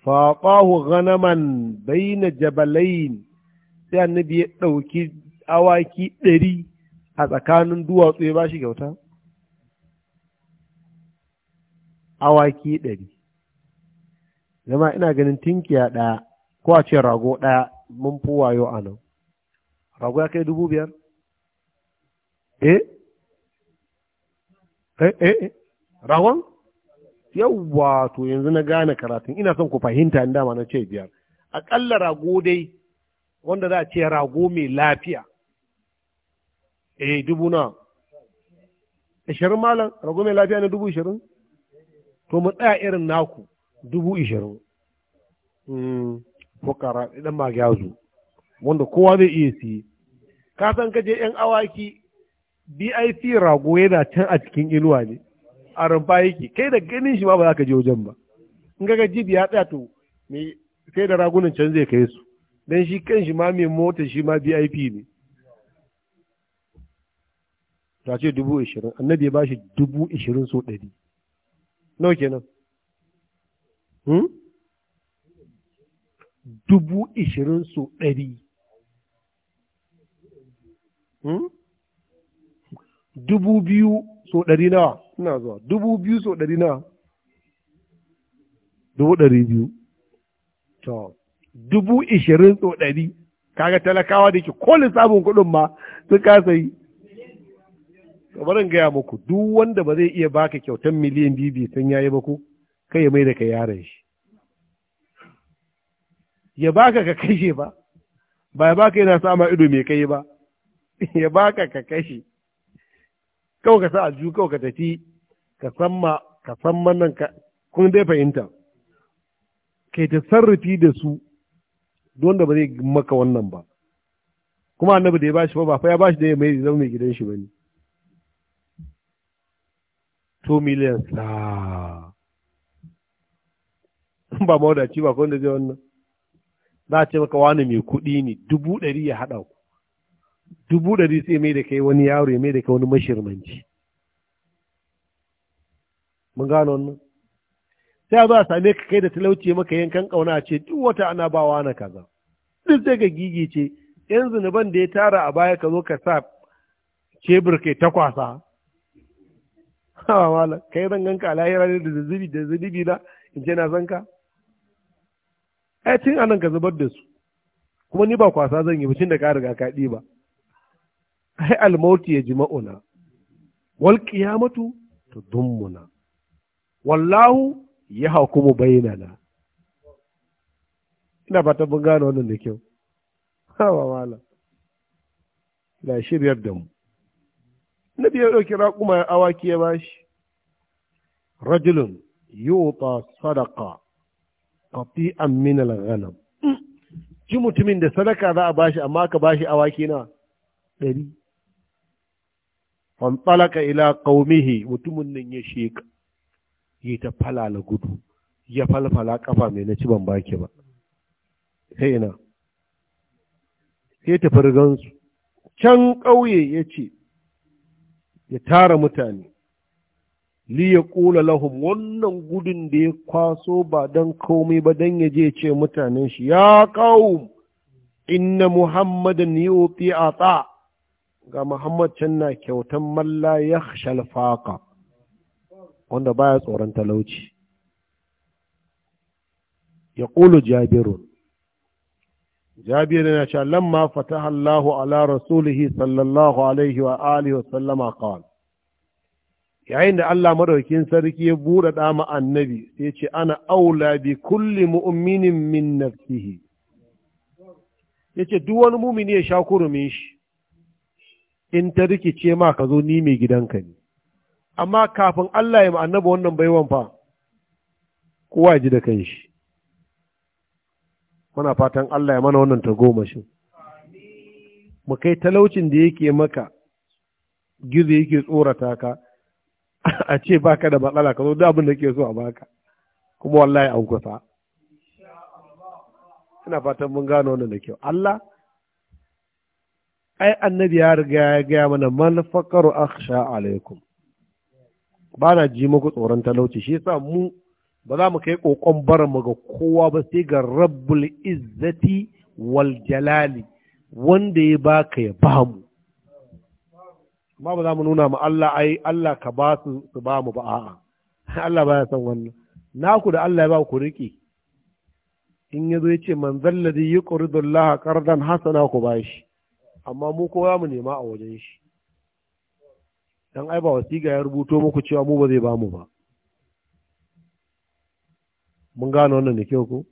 faɓahu ganaman baina jabalain sai annabi ya ɗauki awaki ɗari a tsakanin duwatsu ya ba shi kyauta awaki ɗari zama ina ganin tinkiya ɗaya ko a ce rago ɗaya mun fi wayo a nan rago ya kai dubu biyar eh eh eh ragon yawwa to yanzu na gane karatun ina son ku fahimta in dama na ce biyar aƙalla rago dai wanda za a ce rago mai lafiya eh dubu na ashirin malam rago mai lafiya na dubu ashirin to mu tsaya irin naku dubu ashirin hmm, fukara idan ma gyazu wanda kowa zai iya siye ka san kaje yan awaki bip rago yana can a cikin inuwa ne a rumfa yake kai da ganin shi ma ba za ka je wajen ba in ga jibi ya tsaya to me sai da ragunan can zai kai su dan shi kan shi ma mai mota shi ma VIP ne ta ce dubu ishirin annabi ya bashi dubu ishirin so ɗari nawa kenan hmm? dubu ishirin so ɗari hmm? dubu biyu so ɗari nawa ina zuwa dubu biyu so ɗari na dubu ɗari biyu to dubu ishirin so ɗari kaga talakawa da ke ko lissafin kuɗin ma sun kasa yi kamarin gaya muku duk wanda ba zai iya baka kyautan miliyan biyu bai san yayi ba ku kai ya mai da ka yaran shi ya baka ka kashe ba ba ya baka yana sama ido mai kai ba (laughs) ya baka ka kashe kawai ka sa aljihu kawai ka tafi ka san ma ka san manan ka kun dai fahimta Ke ta sarrafi da su don da ba zai maka wannan ba kuma annabi da ya bashi ba ba fa ya bashi da ya mai zama mai gidan shi bane to miliyan sa ah. ba mawadaci ba kawai da zai wannan za a ce maka wani mai kuɗi ne dubu ɗari ya haɗa ku dubu ɗari sai mai da kai wani yaro ya mai da kai wani mashirmanci mun gano wannan sai a zo a same ka kai da talauci maka yankan kauna a ce duk wata ana bawa na kaza duk sai ga gigi ce yan zunuban da ya tara a baya ka zo ka sa cebur kai ta kwasa hawa mala kai zan ganka lahira ne da zubi da zubi na in ce na san ka ai tun anan ka zubar da su kuma ni ba kwasa zan yi bacin da ka riga ka ba ai almauti ya jima'una wal qiyamatu tudummuna wallahu ya hukumu bayyana ina ba ta gane wannan da kyau hawa mala Na shiryar da mu nabi biyar ɗauki raƙuma awaki ya bashi rajulun yuta sadaka qati'an amina al ji mutumin da sadaka za a bashi amma ka bashi awaki na ɗari fantalaka ila ƙaumihi mutumin nan ya sheka yi ta falala gudu ya falfala kafa mai na ci ban baki ba sai ina sai tafi rigansu can ƙauye ya ce ya tara mutane li ya ƙula lahum wannan gudun da ya kwaso ba don komai ba don ya je ce mutanen shi ya ƙaum inna muhammadan ofi a tsa ga muhammad can na kyautan malla ya shalfaka wanda baya tsoron talauci ya ƙulu Jabiru. Jabiru yana sha lamma fataha Allahu ala rasulihi sallallahu alaihi wa alihi wa sallama yayin da Allah madaukin sarki ya buɗe ɗa annabi sai ce ana aula bi kulli mu'minin min nafsihi yace duk wani mumini ya sha kurumin shi in ta rikice ma ka zo ni mai gidanka ne amma kafin Allah ya annabi wannan baiwan fa kowa ji da kanshi muna fatan Allah ya mana wannan tagomashin mu kai talaucin da yake maka gizo yake tsorata ka (laughs) a ce baka da matsala ka zo da abin da ke so a baka kuma wallahi an kusa ina fatan mun gano wannan da kyau Allah ai annabi ya riga ya gaya mana man faqaru akhsha alaikum ba na ji muku tsoron talauci shi yasa mu ba za mu kai kokon barin mu ga kowa ba sai ga rabbul izzati wal jalali wanda ya baka ya ba mu ma ba za mu nuna mu Allah ai Allah ka ba su su ba mu ba a'a (laughs) Allah baya son wannan naku da Allah ya ba ku riƙe in ya zo ya ce man zalladi yuqridu Allah qardan hasana ku bashi amma mu kowa mu nema a wajen shi dan ai ba wasiƙa ya rubuto muku cewa mu ba zai ba mu ba mun gano wannan da kyau ko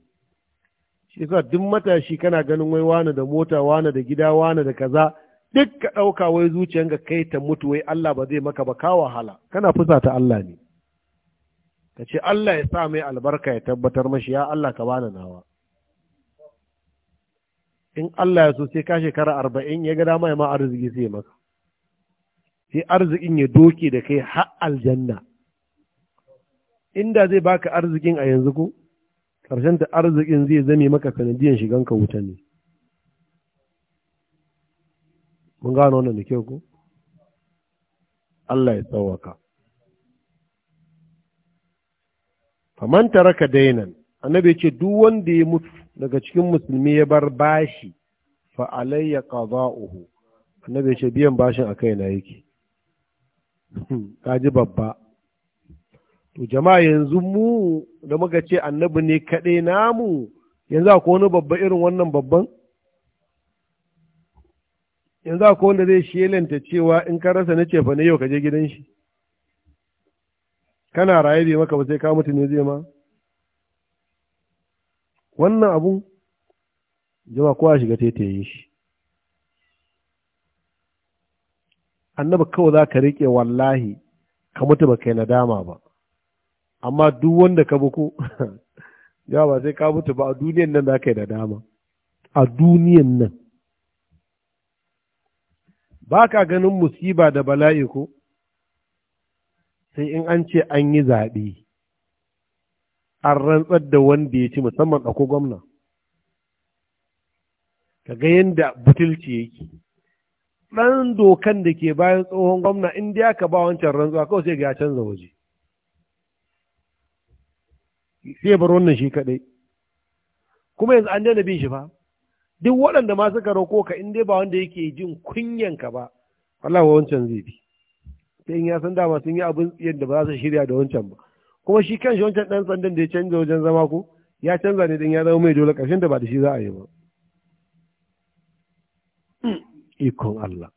shi duk matashi kana ganin wai wani da mota wani da gida wani da kaza duk ka ɗauka wai ga kai ta mutu wai Allah ba zai maka ba ka wahala kana fusata Allah ne ka ce Allah ya sa mai albarka ya tabbatar mashi ya Allah ka bani nawa in Allah ya so sai ka shekara arba'in ya ga dama ya ma arziki sai maka sai arzikin ya doke da kai har aljanna inda zai baka arzikin a yanzu ko ƙarshen ta arzikin zai zame maka sanadiyan shigan ka wuta ne mun gano wannan da kyau ko Allah ya tsawaka faman taraka dainan annabi ce duk wanda ya mutu daga cikin musulmi ya bar bashi fa alayya qada'uhu annabi ce biyan bashin akai na yake (laughs) kaji babba to jama'a yanzu mu da muka ce annabi ne kaɗai namu yanzu akwai wani babba irin wannan babban yanzu akwai wanda zai shelanta cewa in ka rasa na cefa ne yau ka je gidan shi kana raye bai maka ba sai ka mutu ne zai ma wannan abun jama'a kowa shiga ta yi shi annabi kawai za ka riƙe wallahi ka mutu ba kai nadama ba amma duk wanda ka bi ko (laughs) ya ba sai ka mutu ba a duniyan nan za ka yi nadama a duniyan nan ba ka ganin musiba da bala'i ko sai in an ce an yi zaɓe an rantsar da wanda ya ci musamman ɗauko gwamna ka ga yadda butulci yake ɗan dokan da ke bayan tsohon gwamna in dai aka ba wancan rantsuwa kawai sai ga ya canza waje sai bar wannan shi kaɗai kuma yanzu an daina bin shi fa duk waɗanda ma suka roko ka in dai ba wanda yake jin kunyan ka ba wallahi wancan zai bi sai in ya san dama sun yi abin yadda ba za su shirya da wancan ba kuma shi kan shi wancan ɗan sandan da ya canza wajen zama ko ya canza ne din ya zama mai dole ƙarshen da ba da shi za a yi ba ikon Allah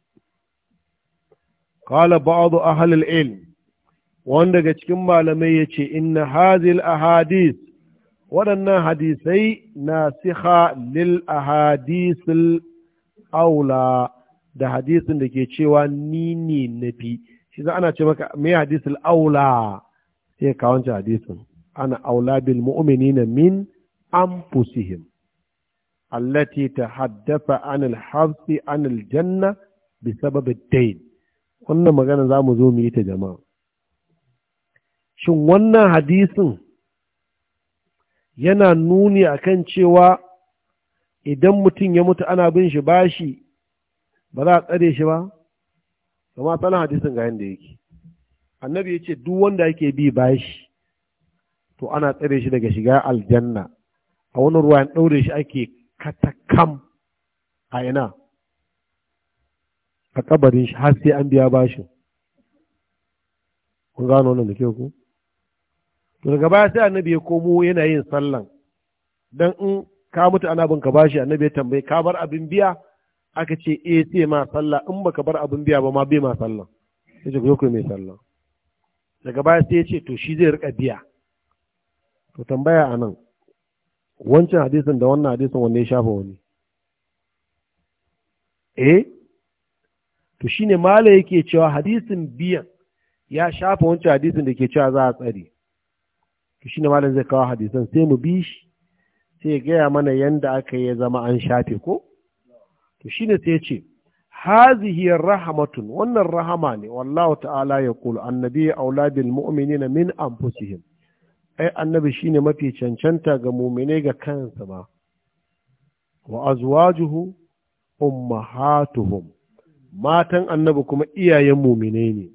qala ba'd a al-ilm wanda daga cikin malamai yace inna hadhihi ahadis waɗannan hadisai na siha lil ahadisul aula da hadisin da ke cewa ni ne nafi shi za ana ce maka me hadisul aula sai ka hadisin ana aula bil mu'minina min anfusihim allati tahaddatha anil habsi anil janna bi sababi dain wannan magana za mu zo mu yi ta jama'a shin wannan hadisin yana nuni akan cewa idan mutum ya mutu ana bin shi bashi ba za a tsare shi ba kuma sanin hadisin ga yanda yake annabi ya ce duk wanda yake bi bashi to ana tsare shi daga shiga aljanna a wani ruwan ɗaure shi ake katakam a ina a kabarin shi har sai an biya bashin kun gano wannan da ke ku to daga baya sai annabi ya komo yana yin sallan dan in ka mutu ana bin ka bashi annabi ya tambaye ka bar abin biya aka ce eh sai ma sallah in baka bar abin biya ba ma bai ma sallah sai ce ku mai sallah daga baya sai ya ce to shi zai rika biya to tambaya anan wancan hadisin da wannan hadisin wanne ya shafa wani eh to shine mala yake cewa hadisin biyan ya shafa wancan hadisin da ke cewa za a tsare to shine malam zai kawo hadisan sai mu bi shi sai ya gaya mana yanda aka yi zama an shafe ko to shine sai ya ce hazihi rahamatun wannan rahama ne wallahu ta'ala ya qul annabi aula bil mu'minina min anfusihim ai annabi shine mafi cancanta ga mumine ga kansa ma wa azwajuhu ummahatuhum matan annabi kuma iyayen mumine ne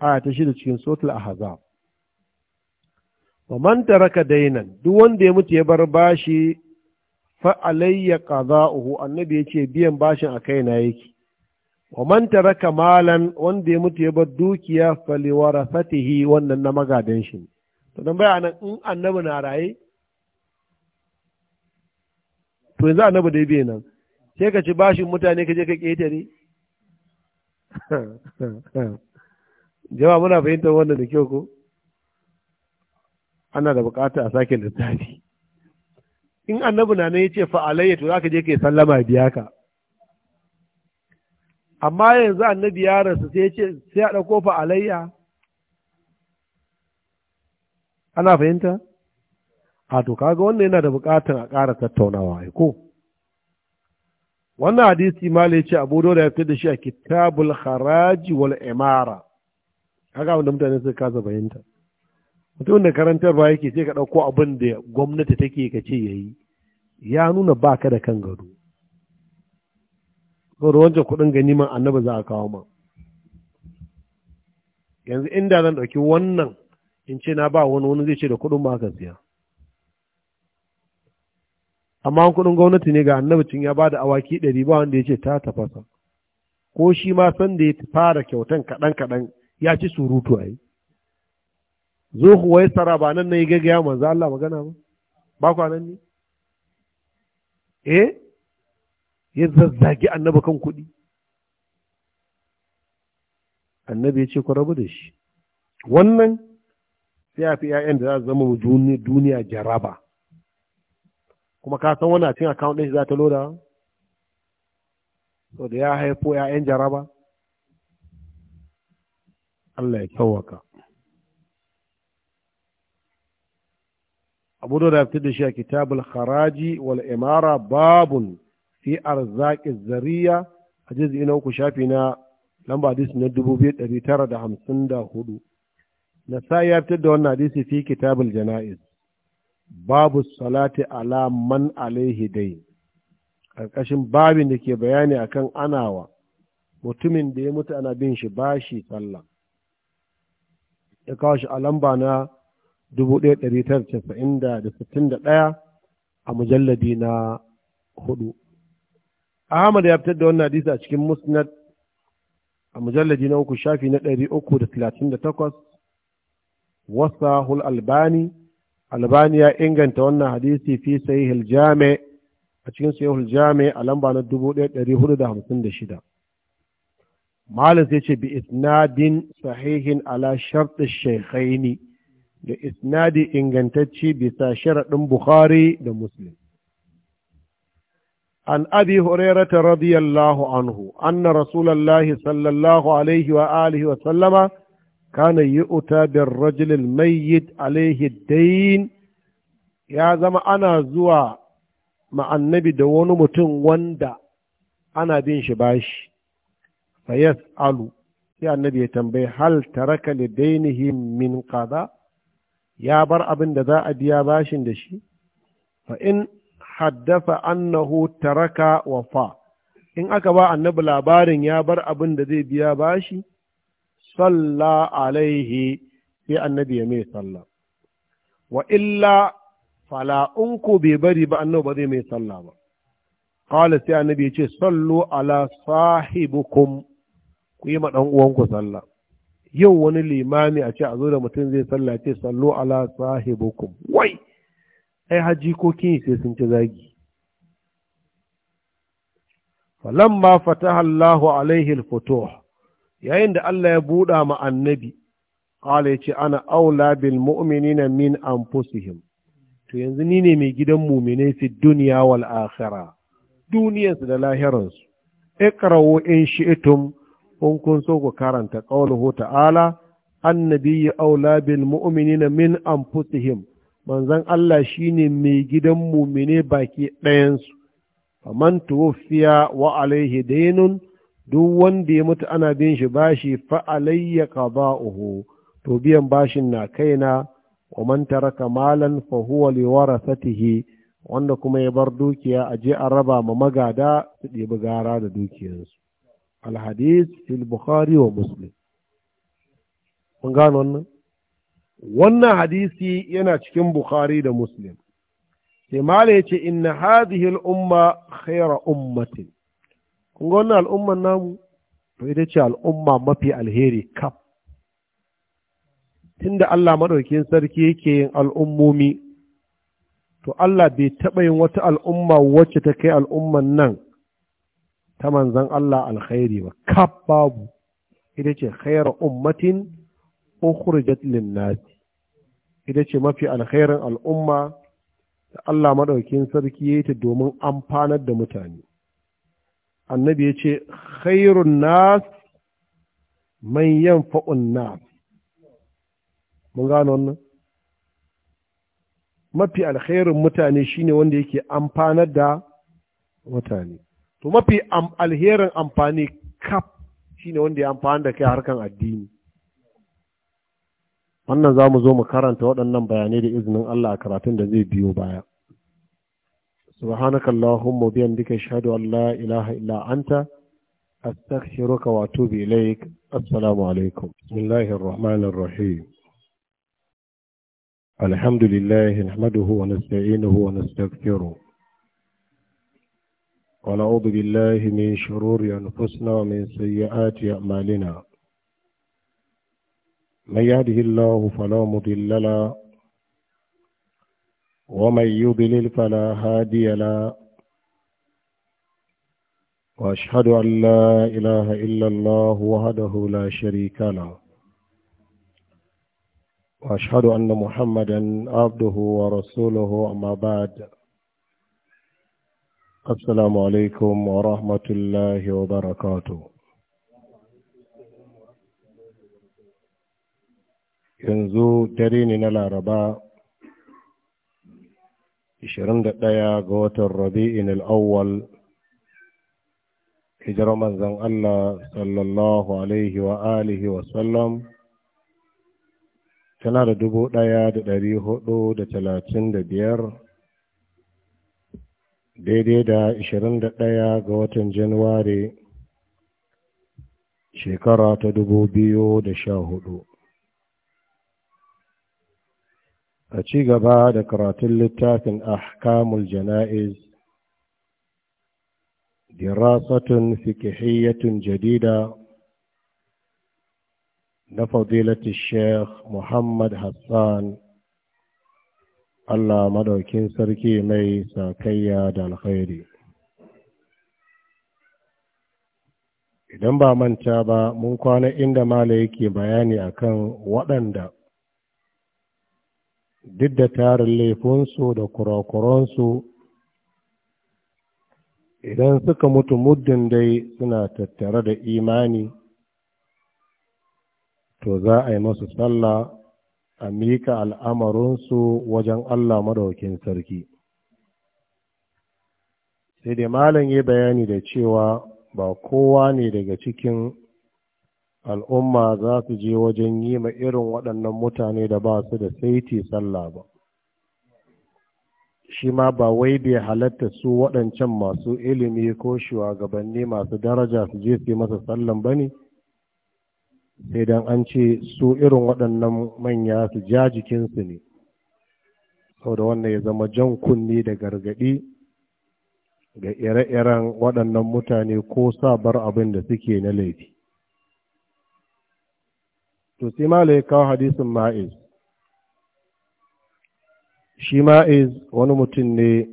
aya ta shida cikin suratul ahzab wa man taraka dainan duk wanda ya mutu ya bar bashi fa alayya qada'uhu annabi yace biyan bashin a kaina yake wa man taraka malan wanda ya mutu ya bar dukiya fa liwarathatihi wannan na magadan shi to tambaya nan in annabi na raye to yanzu annabi dai bai nan sai ka ci bashin mutane ka je ka ƙetare (laughs) jawa muna fahimtar wannan da kyau ko ana da bukata a sake littafi in annabi na nan ya ce fa'alayya to za ka je ka yi sallama biya ka amma yanzu annabi ya rasu sai ya ce sai a ɗauko fa'alayya ana fahimta a to kaga wannan yana da bukatan a ƙara tattaunawa ai ko wannan hadisi ma ya ce abu dole ya da shi a kitabul haraji wal imara kaga wanda mutane suka kasa fahimta mutumin da karantar ba yake sai ka ɗauko abin da gwamnati take ka ce ya yi. ya nuna ba ka da kan gado saboda wancan kuɗin ganiman annabi za a kawo ma yanzu inda zan ɗauki wannan in ce na ba wani wani zai ce da kuɗin ba aka siya amma kuɗin gwamnati ne ga annabicin ya ba da awaki ɗari ba wanda ya ce ta tafasa ko shi ma san da ya fara kyautan kaɗan kaɗan ya ci surutu a yi zo kuwa ya tsara ba nan na yi gaggaya manzo Allah magana ba ba kwanan ne eh ya zazzagi annabi kan kuɗi annabi ya ce ku rabu da shi wannan sai ya fi 'ya'yan da za su zama duniya jaraba kuma ka san a cin account ɗin za ta loda so da ya haifo 'ya'yan jaraba Allah ya kyawaka abu da fitar da shi a kitabul haraji wal imara babun fi arzaki zariya a jizi na uku shafi na lamba hadisi na dubu biyu tara da hamsin da hudu nasa ya fitar da wannan hadisi fi kitabul jana'iz babu salati ala man alaihi dai ƙarƙashin babin da ke bayani akan anawa mutumin da ya mutu ana bin shi bashi sallah ya kawo shi a lamba na 1961 a mujalladi na hudu Ahmad ya fitar da wannan hadisi a cikin musnad a mujalladi na uku shafi na 338 wasahul albani albani ya inganta wannan hadisi fi sahihul jami a cikin sahihul jami a lamba na 1456 malam ya ce bi isnadin sahihin ala shartu shaykhaini da isnadi ingantacci bisa sharaɗin bukhari da muslim An أبي هريرة رضي الله عنه أن رسول الله صلى الله عليه وآله وسلم kana yu'ta bir rajul al mayyit alayhi dayn ya zama ana zuwa ma annabi da wani mutum wanda ana bin shi bashi fa yas'alu annabi ya tambayi hal taraka li dainihi min kaza ya bar abin da za a biya bashin da shi fa in haddafa annahu taraka wafa in aka ba annabi labarin ya bar abin da zai biya bashi salla alaihi sai annabi mai sallah wa illa fala in bai bari ba annabi ba zai mai sallah ba qala sai annabi ya ce sallu ala sahibukum ku yi ma dan uwanku sallah yau wani limami a ce a zo da mutum zai sallah ce sallu ala sahibukum wai ai haji ko kin sai sun ci zagi falamma fataha Allahu alaihi al-futuh yayin da Allah ya buɗa ma annabi ya ce ana aula bil mu'minina min anfusihim to yanzu ni ne mai gidan mu'minai fi duniya wal akhirah duniyarsu da lahiransu iqra'u in shi'tum kun kun so ku karanta qawluhu ta'ala annabi aula bil mu'minina min anfusihim manzon Allah shine mai gidan muminai baki ɗayansu faman tuwfiya wa alaihi daynun duk wanda ya mutu ana bin shi bashi fa alayya qada'uhu to biyan bashin na kaina wa man taraka malan fa huwa li wanda kuma ya bar dukiya a je a raba ma magada su ɗebi gara da dukiyarsu alhadis fil bukhari wa muslim mun gano wannan wannan hadisi yana cikin bukhari da muslim sai mala yace inna hadhihi al umma khayra ummatin Kungo na wannan namu to ita ce al'umma mafi alheri kaf tunda Allah maɗaukin sarki yake yin al'ummomi to Allah bai taɓa yin wata al'umma wacce ta kai al'umman nan ta manzan Allah alkhairi ba kaf babu ita ce khairu ummatin ukhrijat lin-nas ita ce mafi alkhairin al'umma da Allah maɗaukin sarki ya yi ta domin amfanar da mutane annabi ya ce khairun nas man yanfa'un nas mun gano wannan mafi alkhairun mutane shine wanda yake amfanar da mutane to mafi alherin amfani kaf shine wanda ya amfani da kai harkan addini wannan za mu zo mu karanta waɗannan bayanai da izinin Allah a karatun da zai biyo baya سبحانك اللهم وبحمدك اشهد ان لا اله الا انت استغفرك واتوب اليك السلام عليكم بسم الله الرحمن الرحيم الحمد لله نحمده ونستعينه ونستغفره ونعوذ بالله من شرور انفسنا ومن سيئات اعمالنا من يهده الله فلا مضل له ومن يضلل فلا هادي لا وأشهد أن لا إله إلا الله وحده لا شريك له وأشهد أن محمدا عبده ورسوله أما بعد السلام عليكم ورحمة الله وبركاته yanzu dare ne na laraba Ishirin da ɗaya ga watan rabi'in al'awwal hijirar manzan Allah sallallahu alaihi wa alihi sallam tana da dubu ɗaya da ɗari hudu da talatin da biyar daidai da ishirin da ɗaya ga watan januwari shekara ta dubu biyu da sha hudu a ci gaba da karatun littafin ahkamul jana'iz dirasatun fikihiyyatun jadida na fadilati sheikh muhammad hassan allah madaukin sarki mai sakayya da alkhairi idan ba manta ba mun kwana inda mala yake bayani akan waɗanda duk da tarin laifinsu da kurakuransu idan suka mutu muddin dai suna tattare da imani to za a yi masu sallah a mika al'amarinsu wajen Allah maɗaukin sarki sai dai malam ya bayani da cewa ba kowa ne daga cikin al'umma za su je wajen yi ma irin waɗannan mutane da ba su da saiti sallah ba shi ma ba wai bai halatta su waɗancan masu ilimi ko shugabanni masu daraja su je su yi masa sallan ba ne sai don an ce su irin waɗannan manya su ja jikinsu ne sau da wannan ya zama jan kunni da gargaɗi ga ire-iren waɗannan mutane ko sabar abin da suke na laifi to sai ma ya kawo hadisin ma'iz shi ma'iz wani mutum ne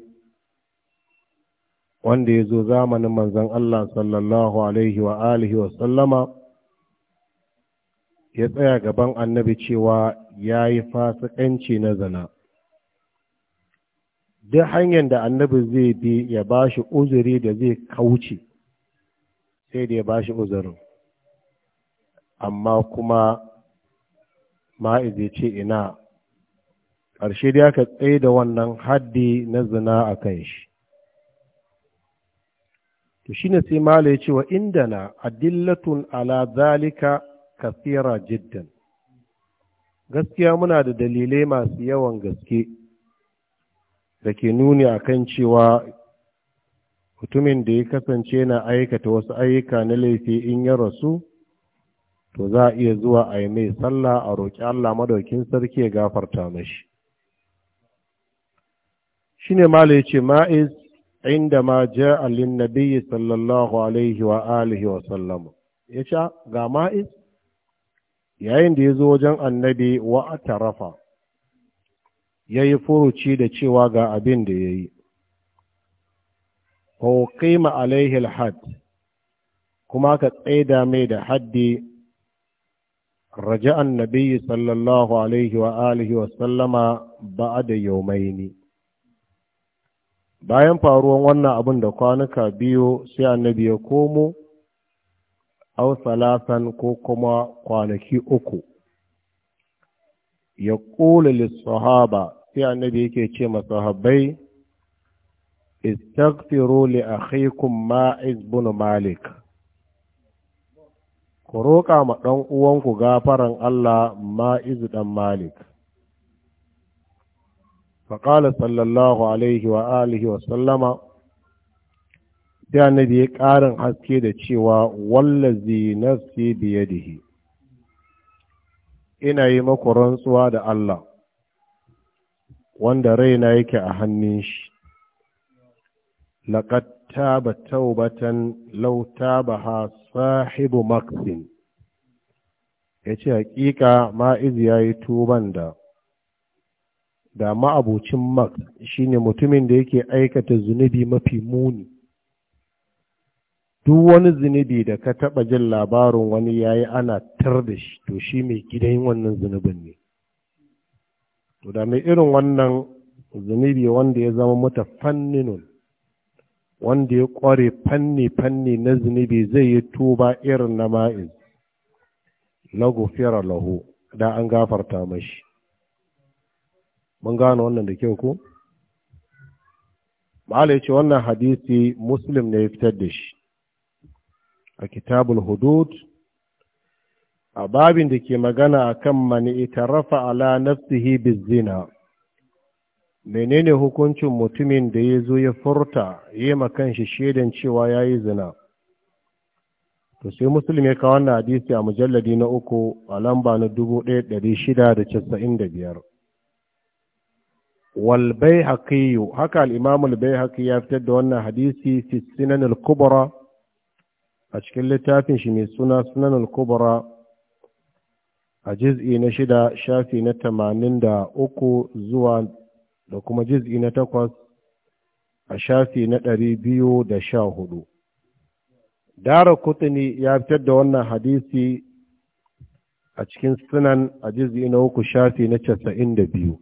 wanda ya zo zamanin manzan Allah sallallahu alaihi wa alihi wa sallama ya tsaya gaban annabi cewa ya yi fasikanci na zana duk hanyar da annabi zai bi ya ba shi uzuri da zai kauce sai da ya ba shi uzurin amma kuma ma'iz ya ce ina ƙarshe da aka tsaye da wannan haddi na zina a kan shi to shi ne sai mala ya ce wa inda na adillatun ala zalika kasira jiddan gaskiya muna da dalilai masu yawan gaske da ke nuni a kan cewa mutumin da ya kasance na aikata wasu ayyuka na laifi in ya rasu to za a iya zuwa a yi mai sallah a roƙi Allah madaukin sarki ya gafarta mashi shi ne mala ya ce ma'iz inda ma ja alin nabiyyi sallallahu alaihi wa alihi wa sallama ya ce ga ma'iz yayin da ya zo wajen annabi wa a tarafa ya yi furuci da cewa ga abin da ya yi ƙima alaihi alhad kuma ka tsaida mai da haddi رجع النبي صلى الله عليه وآله وسلم بعد يومين bayan faruwan wannan abin da kwanuka biyu sai annabi ya komo au salasan ko kuma kwanaki uku ya ƙula lissahaba sai annabi yake ce masahabbai istagfiru li akhikum ma'iz bin malik ku roƙa ma ɗan uwanku gafaran Allah ma'izu ɗan Malik. Faƙala sallallahu Alaihi wa alihi wa sallama, sai annabi ya ƙarin haske da cewa wallazi nafsi biyadihi ina yi maku rantsuwa da Allah wanda raina yake a hannun shi laƙad taba taubatan lau tabaha sahibu maksin ya ce hakika ma'iz ya yi tuban da da ma'abucin mak shine mutumin da yake aikata zunubi mafi muni duk wani zunubi da ka taɓa jin labarin wani yayi ana tar da shi to shi mai gidan wannan zunubin ne to da mai irin wannan zunubi wanda ya zama mata fanninun wanda ya ƙware fanni-fanni na zunubi zai yi tuba irin na na lagufiyar lahu da an gafarta mashi mun gano wannan da kyau ku? ma'ala ce wannan hadisi muslim ne ya fitar da shi a kitabul hudud a babin da ke magana akan mani ita rafa ala nafsihi bizina menene hukuncin mutumin da ya zo ya furta yi makan shi shaidan cewa ya yi zina to sai musulmi kawo wannan hadisi a mujalladi na uku a lamba na dubu ɗaya da da shida casa'in biyar. walbai haƙiyu haka al'imamul bai haƙi ya fitar da wannan hadisi fi sinanul kubra a cikin littafin shi mai suna sunanul kubra a jiz'i na shida shafi na tamanin da uku zuwa da kuma jiz'i na takwas a shafi na ɗari biyu da sha hudu. Dara Kutini ya fitar da wannan hadisi a cikin sunan a juz'i na uku shafi na casa'in da biyu.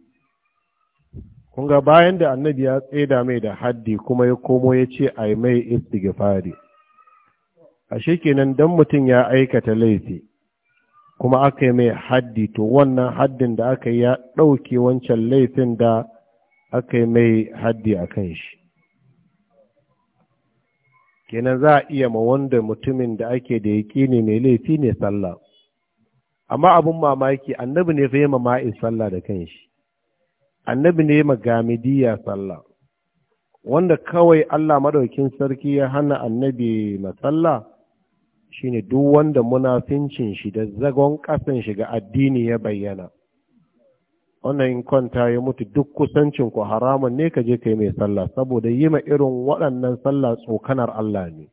Kunga bayan da annabi ya tseda mai da haddi kuma ya komo ya ce a yi mai istighfari. A kenan don mutum ya aikata laifi. kuma aka yi mai haddi to wannan haddin da aka yi ya ɗauke wancan laifin da aka yi mai haddi a kan shi kenan za a iya ma wanda mutumin da ake da ne mai laifi ne sallah amma abin mamaki annabi ne fa yi ma ma'in sallah da kan shi annabi ne ma gamidiya sallah wanda kawai Allah madaukin sarki ya hana annabi ma sallah, shine duk wanda munafincin shi da zagon ƙasan shi ga addini ya bayyana wannan in kwanta ya mutu duk kusancin ku haramun ne ka je yi mai sallah saboda yi ma irin waɗannan sallah tsokanar Allah ne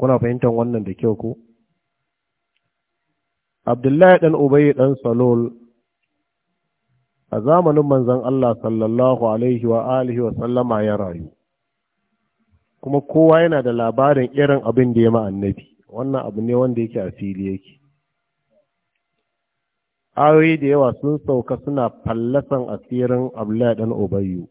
kuna fahimtar wannan da kyau ku Abdullahi ɗan Ubay ɗan Salol a zamanin manzon Allah sallallahu alaihi wa alihi wa sallama ya rayu kuma kowa yana da labarin irin abin da ya ma'annabi, wannan abu ne wanda yake a fili yake ayoyi da yawa sun sauka suna fallasan asirin abdullahi dan ubayyu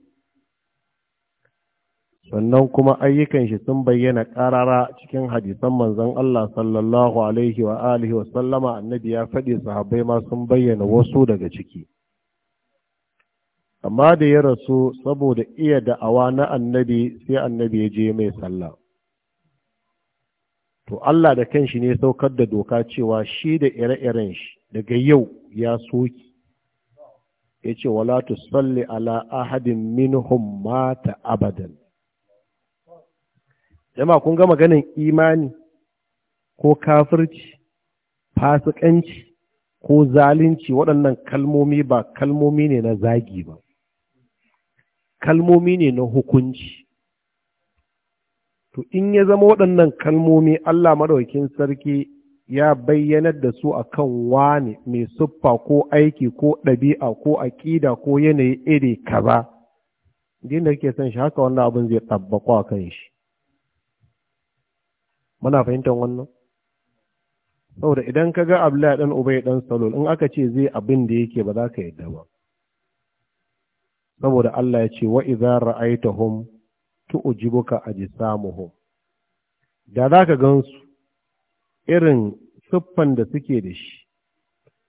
sannan kuma ayyukan shi sun bayyana ƙarara cikin hadisan manzon Allah sallallahu alaihi wa alihi wa sallama annabi ya faɗi sahabbai ma sun bayyana wasu daga ciki amma da ya rasu saboda iya da'awa na annabi sai annabi ya je mai sallah to Allah da kanshi ne saukar da doka cewa shi da ire-iren shi daga yau ya soki ya ce wala tusalli ala ahadin minhum mata abadan jama kun ga maganin imani ko kafirci fasikanci ko zalunci waɗannan kalmomi ba kalmomi ne na zagi ba kalmomi ne na hukunci to in ya zama waɗannan kalmomi Allah maɗaukin sarki ya bayyanar da su akan wane mai siffa ko aiki ko ɗabi'a ko aƙida ko yanayi iri kaza din da kake son shi haka wannan abin zai tabbako a kan shi muna fahimtar wannan saboda idan ka ga abdullahi dan ubay dan salol in aka ce zai abin da yake ba za ka yadda ba saboda Allah ya ce wa idza ra'aytahum tu'jibuka ajsamuhum da za ka gansu irin siffan da suke da shi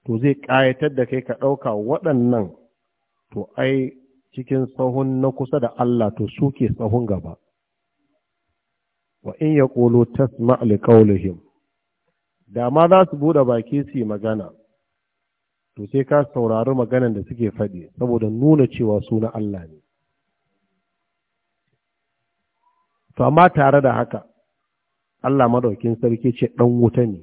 to zai ƙayatar da kai ka ɗauka waɗannan to ai cikin sahun na kusa da Allah to suke sahun gaba wa in ya ƙolo tasma alƙaulihim da ma za su buɗe baki su yi magana to sai ka saurari maganan da suke faɗi saboda nuna cewa suna Allah ne to tare da haka Allah madaukin sarki ce ɗan wuta ne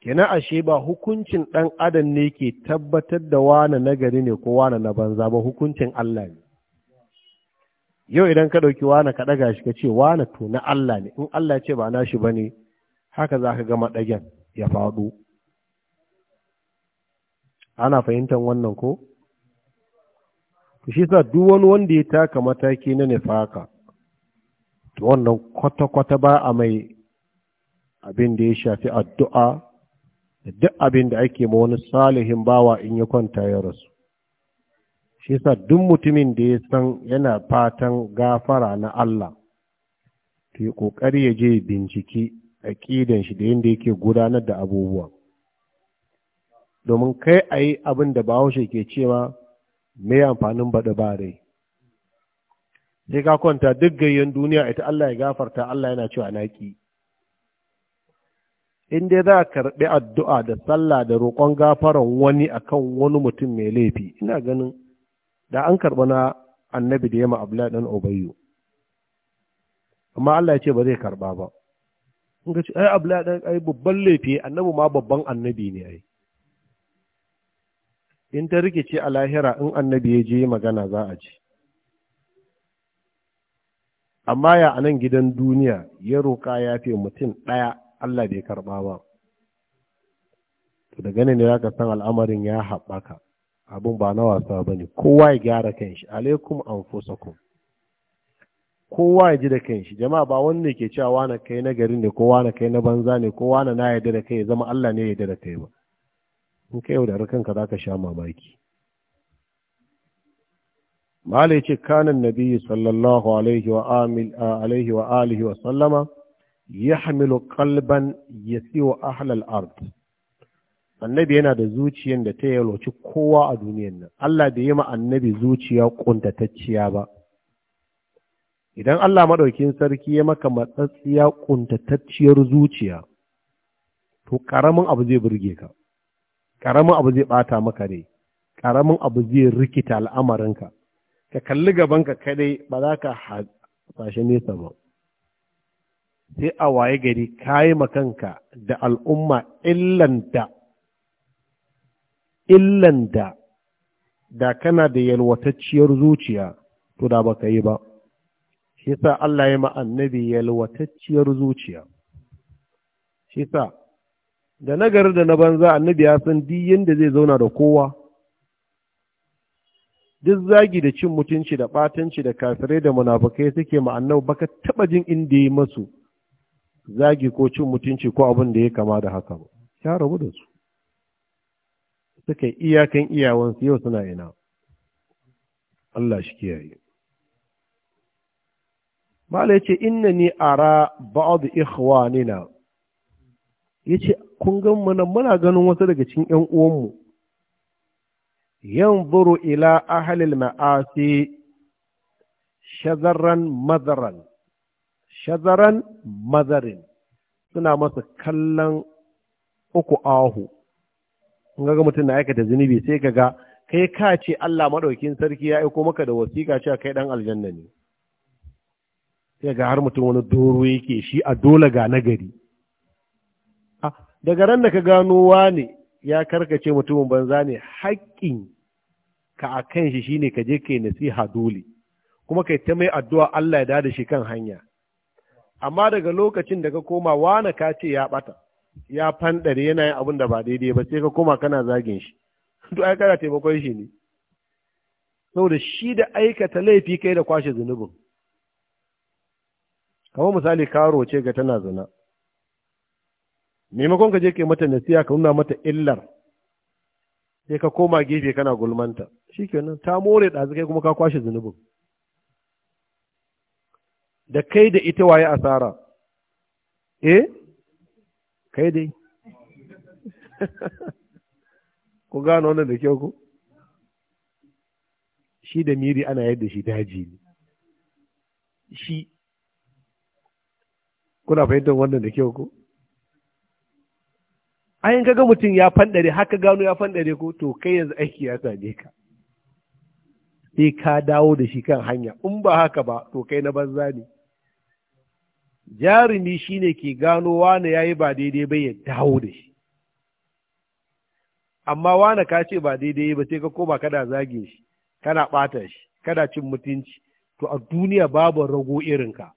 kina ashe ba hukuncin ɗan adam ne ke tabbatar da wane nagari ne ko wane na banza ba hukuncin Allah ne yau idan ka ɗauki wane ka ɗaga shi ka ce wane to na Allah ne in Allah ce ba na shi ba ne haka za ka gama ɗagen ya faɗo ana fahimtar wannan ko? shi sa duk wani wanda ya taka mataki na nifaka wannan kwata-kwata ba a mai abin da ya shafi addu'a da duk abin da ake ma wani salihin bawa in ya kwanta ya rasu shi sa duk mutumin da ya san yana fatan gafara na Allah to yi ƙoƙari ya je binciki aƙidan shi da yadda yake gudanar da abubuwa domin kai a yi abin da bahaushe ke cewa mai amfanin baɗi ba rai je ka kwanta duk gayyan duniya ita Allah ya gafarta Allah yana cewa naki in dai za ka karɓi addu'a da sallah da roƙon gafaran wani akan wani mutum mai laifi ina ganin da an karɓi na annabi da yamma abu ɗan obayu amma Allah ya ce ba zai karɓa ba in ka ce ai abu ɗan ai babban laifi annabi ma babban annabi ne ai in ta rikice a lahira in annabi ya je magana za a ci amma ya anan gidan duniya ya roƙa ya fi mutum ɗaya Allah bai karɓa ba to da ne za ka san al'amarin ya haɓaka abin ba na wasa ba ne kowa ya gyara kanshi alaikum ku. kowa ya ji da kanshi jama'a ba wanda ke cewa na kai na gari ne kowa na kai na banza ne kowa na na yadda da kai ya zama Allah ne ya da kai ba in ka yaudari kanka za ka sha mamaki mala yace kanan nabi sallallahu alaihi wa wa alihi wa sallama yahmilu kalban ya siwa al-ard annabi yana da zuciyar da ta yalwaci kowa a duniyan nan Allah bai yi ma annabi zuciya kuntatacciya ba idan Allah maɗaukin sarki ya maka matsatsiya kuntatacciyar zuciya to ƙaramin abu zai burge ka ƙaramin abu zai ɓata maka ne ƙaramin abu zai rikita al'amarinka ka kalli gabanka kadai ba za ka hasashe nesa ba sai a waye gari ka kayi makanka da al'umma illanta illanta da kana da yalwatacciyar zuciya to da baka yi ba shi sa Allah ya ma'annabi yalwatacciyar zuciya shi sa da nagari da na banza annabi ya san duk yadda zai zauna da kowa duk zagi da cin mutunci da ɓatanci da kafirai da munafukai suke ma'annau baka taba jin inda yi masu zagi ko cin mutunci ko abin da ya kama da haka ba ya rabu da su suka yi iyakan iyawansu yau suna ina Allah shi kiyaye Mala ya ce, Inna ni ara ba'ad ikhwanina, ya ce, Kun gan mana muna ganin wasu daga cikin ‘yan uwanmu, yanzuru ila ahlil ma'asi shazaran mazaran shazaran mazarin suna masa kallon uku ahu in ga mutum na aikata zunubi sai ka ga kai ka ce Allah maɗaukin sarki ya aiko maka da wasiƙa cewa kai ɗan aljanna ne sai ga har mutum wani doro yake shi a dole ga nagari daga ran da ka gano ne. ya karkace mutumin banza ne haƙƙin ka a kan shi shine ka je kai nasiha dole kuma kai ta mai addu'a Allah ya da shi kan hanya amma daga lokacin da ka koma wani ka ce ya bata ya fandare yana yin abun da ba daidai ba sai ka koma kana zagin shi (laughs) to ai kana taimakon shi ne saboda shi da aikata laifi kai da kwashe zunubin kamar misali karo ce ga tana zina maimakon ka je kai mata nasiya ka nuna mata illar sai ka koma gefe kana gulmanta shi nan ta more ɗazu kai kuma ka kwashe zunubin da kai da ita waye asara eh kai dai (laughs) ku gano wannan da kyau ku shi da miri ana yadda shi daji ne shi kuna fahimtar wannan da kyau ku. ayin kaga mutum ya fandare haka gano ya fanɗare ko to kai yanzu aiki ya same ka sai ka dawo da shi kan hanya in ba haka ba to kai na banza ne jarumi shine ke gano wane yi ba daidai ba ya dawo da shi amma wane ka ce ba daidai ba sai ka koma kada zage shi kana ɓata shi kada cin mutunci to a duniya babu rago irinka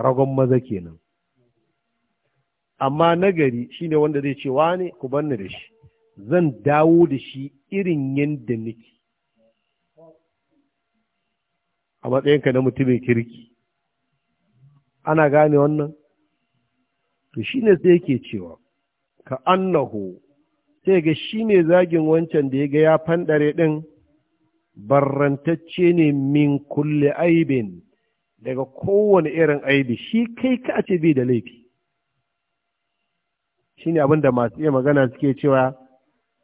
ragon maza kenan amma nagari shine wanda zai ce wane ku banni da shi zan dawo da shi irin yadda nake a matsayinka na mutumin kirki ana gane wannan to shine sai yake cewa ka annahu sai ga shine zagin wancan da ya ga ya fandare din barrantacce ne min kulle aibin daga kowane irin aibi shi kai ka ce bai da laifi shine abin da masu iya magana suke cewa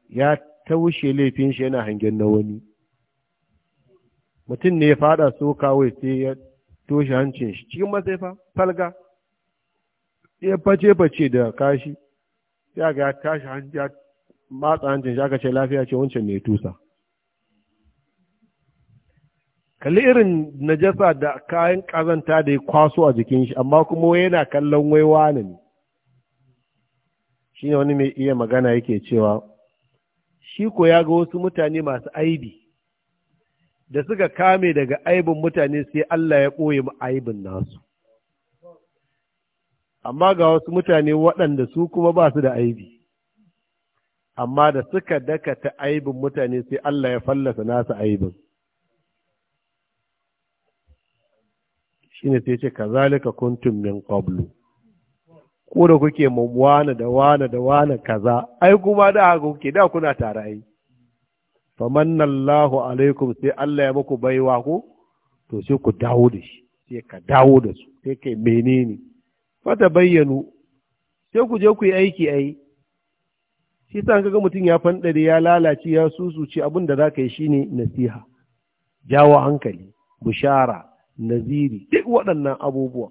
ya taushe laifin shi yana hangen na wani mutum ne ya fada so kawai sai ya toshe hancin shi cikin masaifa falga ya face-face da kashi sai ga ya tashi hanci ya matsa hancin shi aka ce lafiya ce wancan ne tusa kalli irin najasa da kayan kazanta da ya kwaso a jikin shi amma kuma yana kallon waiwa ne shi wani mai iya magana yake cewa shi ko ya ga wasu mutane masu aibi da suka kame daga aibin mutane sai Allah ya ɓoye mu aibin nasu amma ga wasu mutane waɗanda su kuma ba su da aibi amma da suka dakata aibin mutane sai Allah ya fallasa nasu aibin shi ne sai ce kazalika kuntum min qablu ko da kuke mawana da wana da wana kaza ai kuma da haka kuke da kuna tare ai famanna alaikum sai Allah ya muku baiwa ku. to sai ku dawo da shi sai ka dawo da su sai kai menene Fa ta bayyanu sai ku je ku yi aiki ai shi sa kaga mutum ya fandare ya lalace ya susuce abin da za ka yi shine nasiha jawo hankali bushara naziri duk waɗannan abubuwa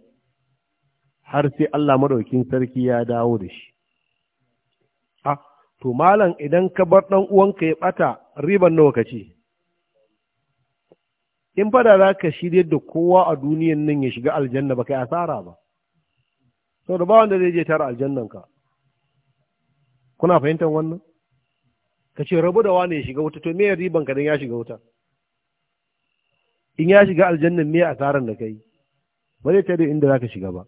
har sai Allah madaukin sarki ya dawo da shi a to malam idan ka bar dan uwanka ya bata riban nawa kace in fada za ka shirye da kowa a duniyan nan ya shiga aljanna ba kai asara ba da ba wanda zai je tara aljannan ka kuna fahimtar wannan ka ce rabu da wani ya shiga wuta to me riban ka dan ya shiga wuta in ya shiga aljannan me asaran da kai ba zai tare inda za ka shiga ba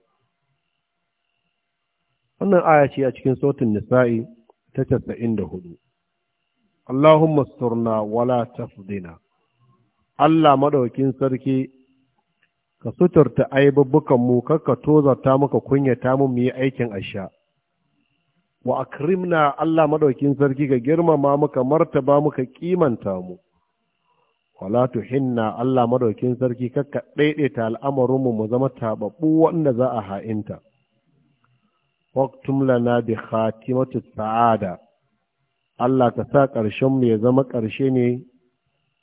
wannan aya ce a cikin sautin nisa'i ta casa'in da hudu Allahumma surna wala tafdina Allah madaukin sarki ka suturta aibubbukan mu tozarta muka kunyata mu mu yi aikin asha wa akrimna Allah madaukin sarki ka girmama muka martaba muka kimanta mu wala tuhinna Allah madaukin sarki ka daidaita al'amarin mu mu zama tababbu wanda za a ha'inta waktum lana bi khatimatu sa'ada Allah ka sa ƙarshen mu ya zama ƙarshe ne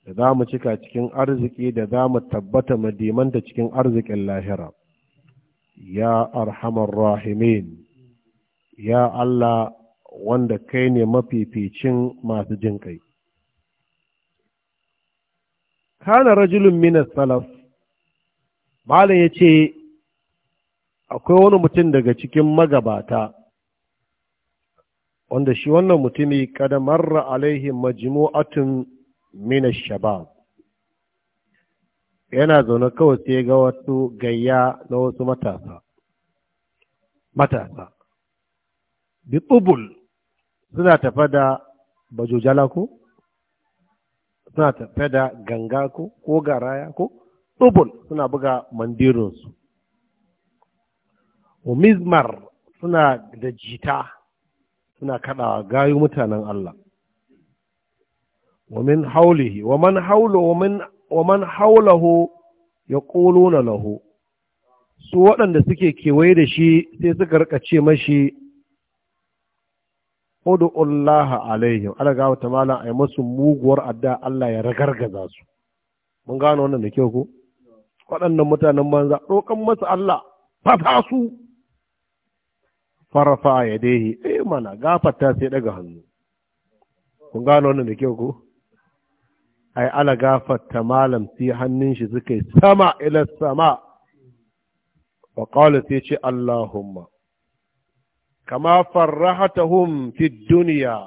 da za mu cika cikin arziki da za mu tabbata madimanta cikin arzikin lahira ya arhamar rahimin ya Allah wanda kai ne mafificin masu jin kai kana rajulun minas salaf malam ya ce akwai wani mutum daga cikin magabata wanda shi wannan mutumi kada marra alaihi majmu'atun min shabab yana zaune kawai sai ga wasu gayya na wasu matasa matasa bi tubul suna tafa da bajojala ko suna tafa da ganga ko ko garaya ko tsubul suna buga mandirinsu wa mizmar suna da jita suna kaɗawa gayu mutanen Allah wa min haulihi wa haulahu ya na laho su waɗanda suke kewaye da shi sai suka rika ce mashi Allah alaihim, ala ga wata malam a yi masu muguwar adda Allah ya ragargaza su. Mun gano wannan da kyau ko? Waɗannan mutanen banza, roƙon masu Allah, fata su. farafa ya dehi eh mana gafarta sai daga hannu kun gano wannan da kyau ko ai ala gafarta malam sai hannun shi suka yi sama ila sama wa qala sai ce allahumma kama farahatahum fi dunya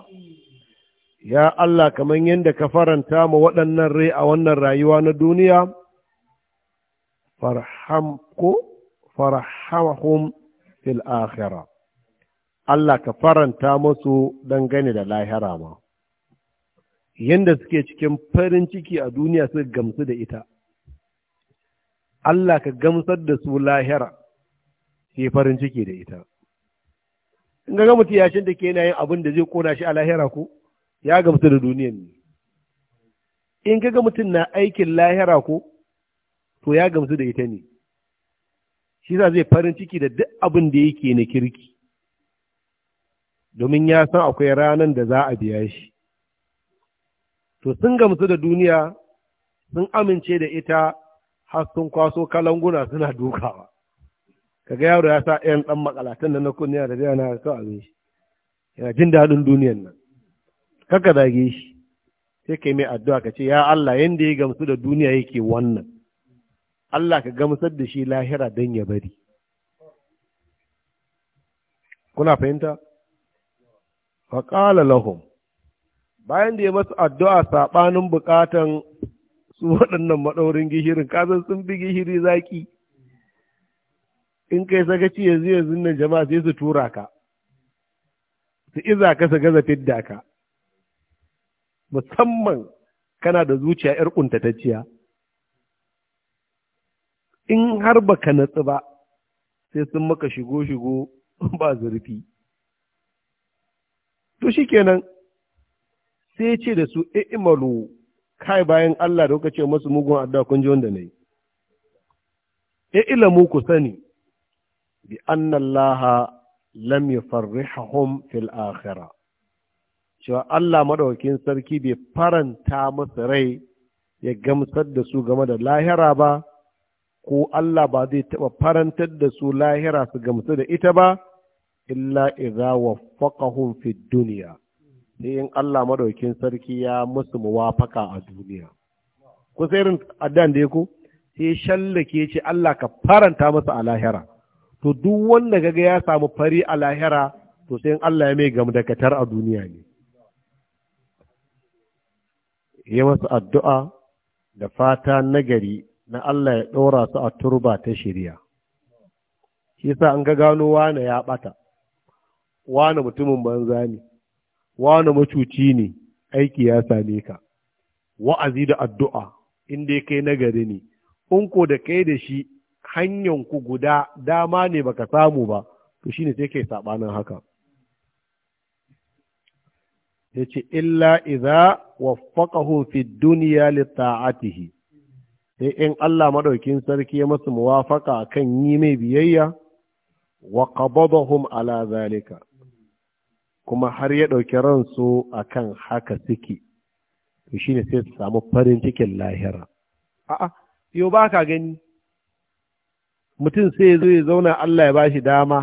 ya Allah kaman yadda ka faranta mu waɗannan rai a wannan rayuwa na duniya farham ko farhamhum fil akhirah Allah ka faranta musu dangane da lahira ma yanda suke cikin farin ciki a duniya su gamsu da ita Allah ka gamsar da su lahira ke farin ciki da ita in ga mutum yashin da ke yin abin da zai kona shi a lahira ko ya gamsu da duniyan ne in ga mutum na aikin lahira ko to ya gamsu da ita ne shi sa zai farin ciki da duk abin da yake na kirki domin ya san akwai ranar da za a biya shi to sun gamsu da duniya sun amince da ita har sun kwaso kalanguna suna dukawa kaga yaro ya sa ɗayan ɗan makalatan da na kunniya da zai na so abin shi yana jin daɗin duniyan nan kaka zage shi sai kai mai addu'a ka ce ya Allah yadda ya gamsu da duniya yake wannan Allah ka gamsar da shi lahira don ya bari kuna fahimta faƙala lahum bayan da ya masu addu'a saɓanin buƙatan su waɗannan maɗaurin gishirin kasan sun fi gishiri zaƙi in kai sakaci ya yanzu nan jama'a sai su tura ka su iza ka su gaza fidda ka musamman kana da zuciya ‘yar ƙuntatacciya in har baka natsu ba sai sun maka shigo-shigo (laughs) ba zurfi. to shi kenan sai ce da su i'imalu, e, kai bayan Allah da kuka ce masu mugun addu'a kun ji wanda nayi e, i'lamu ku sani bi anna Allah lam yufarrihum fil akhirah cewa Allah maɗaukin sarki bai faranta musu rai ya gamsar da su game da lahira ba ko Allah ba zai taɓa farantar da su lahira su gamsu da ita ba illa idza waffaqahum fid dunya sai in Allah madaukin sarki ya musu muwafaka a duniya ku sai irin addan da yako sai shallake ce Allah ka faranta masa a lahira to duk wanda kaga ya samu fari a lahira to sai in Allah ya mai gamdakatar a duniya ne ya masa addu'a da fata nagari na Allah ya ɗora su a turba ta shirya. Shi sa an ga gano wane ya ɓata, wane mutumin banza ne wane macuci ne aiki ya same ka wa'azi da addu'a in dai kai nagari ne in ko da kai da shi hanyan ku guda dama ne baka samu ba to shi ne sai kai saɓanin haka ce, illa iza waffaqahu fi dunya li ta'atihi sai in Allah maɗaukin sarki ya masu muwafaka kan yi mai biyayya wa hum ala zalika kuma har ya ɗauki ransu a kan haka suke to shi ne sai su samu farin cikin lahira a'a yau ba ka gani mutum sai zo ya zauna Allah ya ba shi dama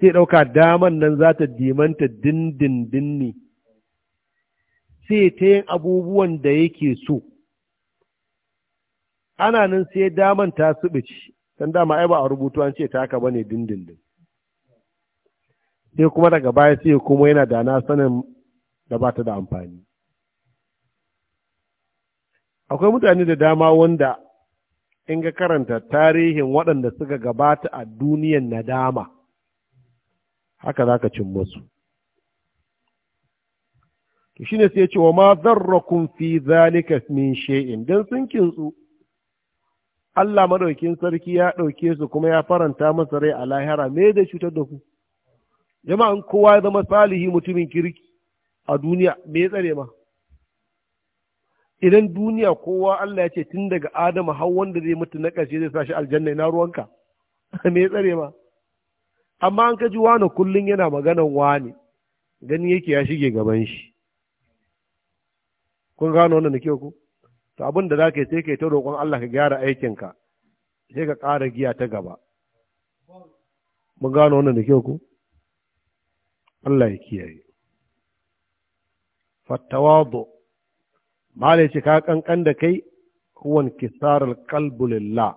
sai ɗauka daman nan za ta dimanta dindindin ne sai ta yin abubuwan da yake so ana nan sai daman ta ci, don dama ai ba a rubutu an ce ta haka ba ne dindindin sai kuma daga baya sai kuma yana da na sanin da ba ta da amfani akwai mutane da dama wanda in ga karanta tarihin waɗanda suka gabata a duniyan nadama haka za ka cin masu to ne sai ce wa ma zarrakum fi zalika min she'in don sun kintsu Allah maɗaukin sarki ya ɗauke su kuma ya faranta masa rai a lahira me da cutar da ku jama'an kowa ya zama salihi mutumin kirki a duniya me ya tsare ma idan duniya kowa Allah ya ce tun daga Adamu har wanda zai mutu na ƙarshe zai sa shi aljanna ina ruwanka (laughs) me ya tsare ma amma an kaji wani kullum yana maganan wani gani yake ya shige gaban shi kun gano wannan da kyau ku to abin da zaka yi sai kai ta roƙon Allah ka gyara aikinka sai ka ƙara giya ta gaba mun gano wannan da kyau ku Allah ya kiyaye fattawadu mala ce ka kankan da kai huwan kisarar kalbulillah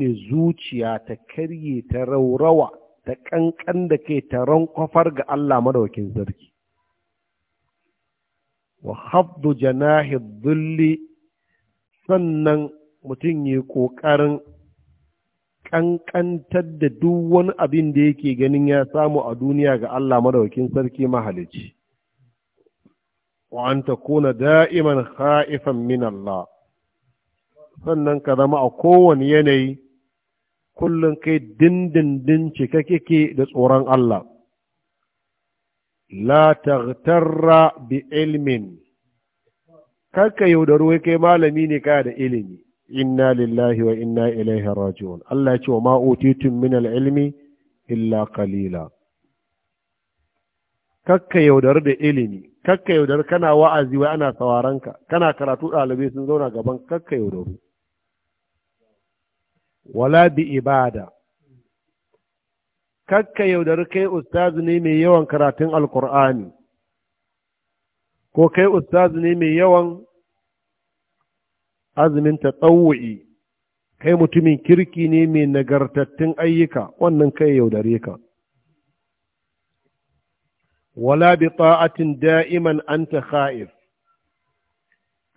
ne zuciya ta karye ta raurawa ta kankan da kai ta rankwafar ga Allah madawakin sarki wa haɗu janahi dhulli sannan mutum yi ƙoƙarin ƙanƙantar da duk wani abin da yake ganin ya samu a duniya ga Allah madaukin sarki mahalici. Wa’an ta kuna da'iman ha'ifan min Allah, sannan ka zama a kowane yanayi kullum kai dindindin cika kike da tsoron Allah. La taghtarra bi ilmin, kanka yaudaru kai malami ne kaya da ilimi. inna lillahi wa inna ilaihi raji'un Allah ya ce wa ma utitum min al-ilmi illa qalila kakka yaudar da ilimi kakka yaudar kana wa'azi wa ana sawaranka kana karatu ɗalibai sun zauna gaban kakka yaudaru wala bi ibada kakka yaudar kai ustazu ne mai yawan karatun alkur'ani ko kai ustazu ne mai yawan azumin tatawu'i kai mutumin kirki ne mai nagartattun ayyuka wannan kai yaudare ka wala bi ta'atin da'iman an anta kha'if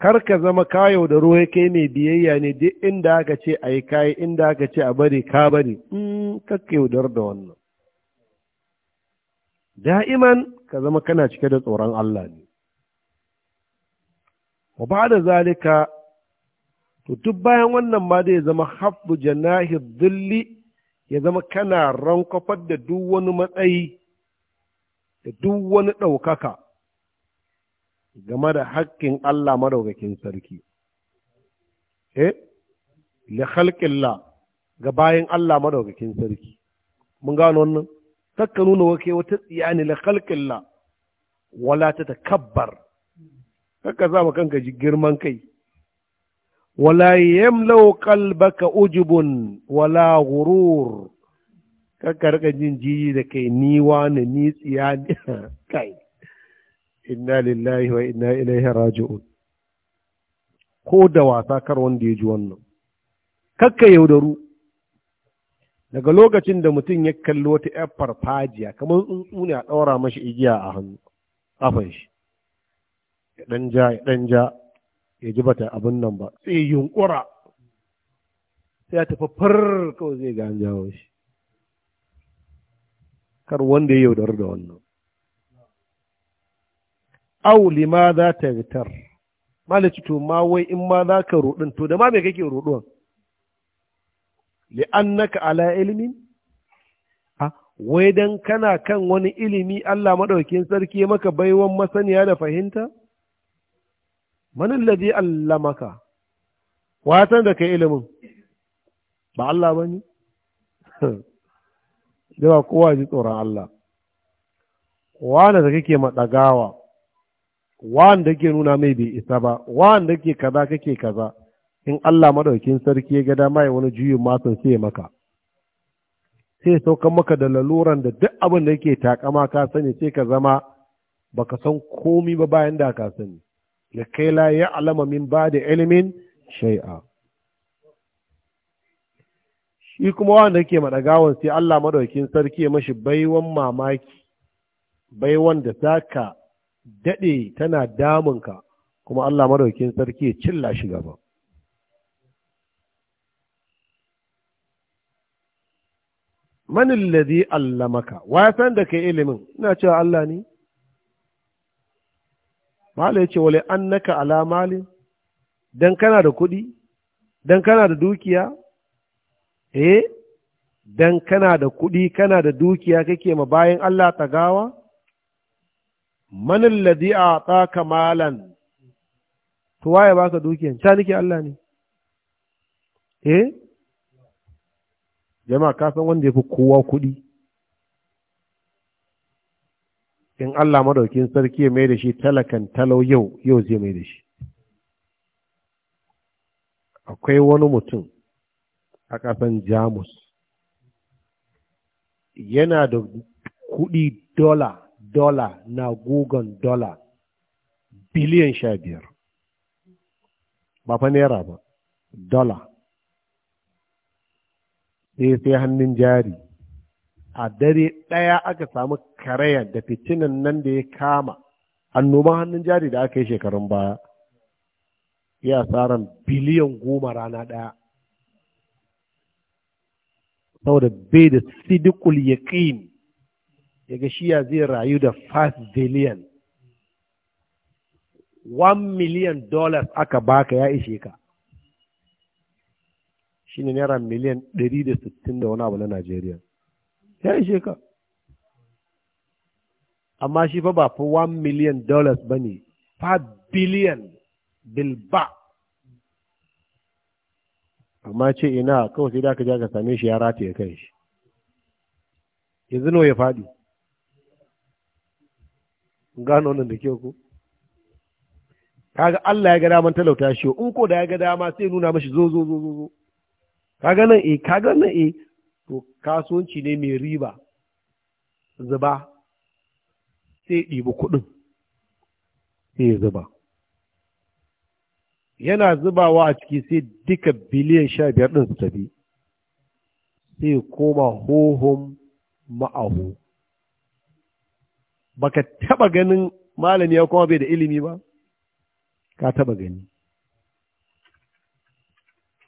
kar ka zama ka yaudaro ya kai mai biyayya ne duk inda aka ce a yi kayi inda aka ce a bari ka bari in hmm, ka yaudar da wannan da'iman ka zama kana cike da tsoron Allah ne wa ba da zalika to duk bayan wannan ma zai zama hafdu janahi dhilli ya zama kana rankwafar da duk wani matsayi da duk wani ɗaukaka game da haƙƙin Allah madaukakin sarki eh li khalqillah ga bayan Allah madaukakin sarki mun gano wannan takka nuna wake wata tsiyani la khalqillah wala ta takabbar kakka za mu kanka ji girman kai wala yamlau qalbaka ujubun wala ghurur kakka rika jin jiji da kai ni wani ni tsiya kai inna lillahi wa inna ilaihi raji'un ko da wasa kar wanda ya ji wannan kakka yaudaru daga lokacin da mutum ya kalli wata ƴar farfajiya kamar tsuntsu ne a ɗaura mashi igiya a hannu, ƙafan shi, ya ɗan ja, ya ɗan ja, ya ji bata abin nan ba sai yunkura sai ya tafi far kawai zai ga an jawo shi kar wanda ya yaudar da wannan au lima za ta fitar. malaci to ma wai in ma za ka rudin to da ma me kake ruduwan li'annaka ala ilmin wai dan kana kan wani ilimi Allah madaukakin sarki maka baiwan masaniya da fahimta man alladhi allamaka watan da kai ilimin ba Allah bane da (laughs) kowa ji tsoron Allah wanda da kake madagawa wanda ke nuna mai bai isa ba wanda ke kaza kake kaza in Allah maɗaukin sarki ya ga dama wani juyin masu sai maka sai saukan maka da laluran da duk abin da yake takama ka sani sai ka zama baka san komi ba bayan da ka sani لكي لا يعلم من بعد علم shai'a. shi kuma wanda ke maɗagawan sai Allah maɗaukin sarki ya mashi baiwan mamaki baiwan da za ka daɗe tana damunka kuma Allah maɗaukin sarki ya cilla shi gaba manin ladi allamaka wa san da kai ilimin ina cewa Allah ne mala ya ce wale an naka alamalin. don kana da kuɗi don kana da dukiya eh don kana da kuɗi kana da dukiya kake ma bayan Allah ta gawa manin ladi a tsaka malan to waye ka dukiya, ta nike Allah ne eh jama'a ka san wanda ya fi kowa kuɗi in Allah madaukin sarki ya mai da shi talakan talau yau yau zai mai da shi akwai wani mutum a kasan jamus yana da kuɗi dola dola na gugon dola biliyan sha biyar ba fa naira ba dola sai sai hannun jari a dare ɗaya aka samu karaya da fitinan nan da ya kama annoban hannun jari da aka yi shekarun baya ya tsaron biliyan goma rana ɗaya saboda bai da sidikul ƙin yaga shiya zai rayu da 5 billion 1 million dollars aka baka ya ishe ka shi ne naira miliyan 160 da wani abu na najeriya ya ishe ka amma shi fa ba fi 1 million dollars ba ne 5 billion bilba amma ce ina kawai sai da aka ja ka same shi ya ya kai shi yanzu nawa ya faɗi gano nan da ke ku kaga Allah ya ga daman talauta shi in ko da ya ga dama sai nuna mashi zo zo zo zo kaga nan eh kaga nan eh to kasuwanci ne mai riba zuba sai ɗibi kuɗin sai zuba yana zubawa a ciki sai duka biliyan sha biyar ɗin su tafi sai koma hohon ma'ahu baka taɓa ganin malami ya kuma bai da ilimi ba ka taɓa gani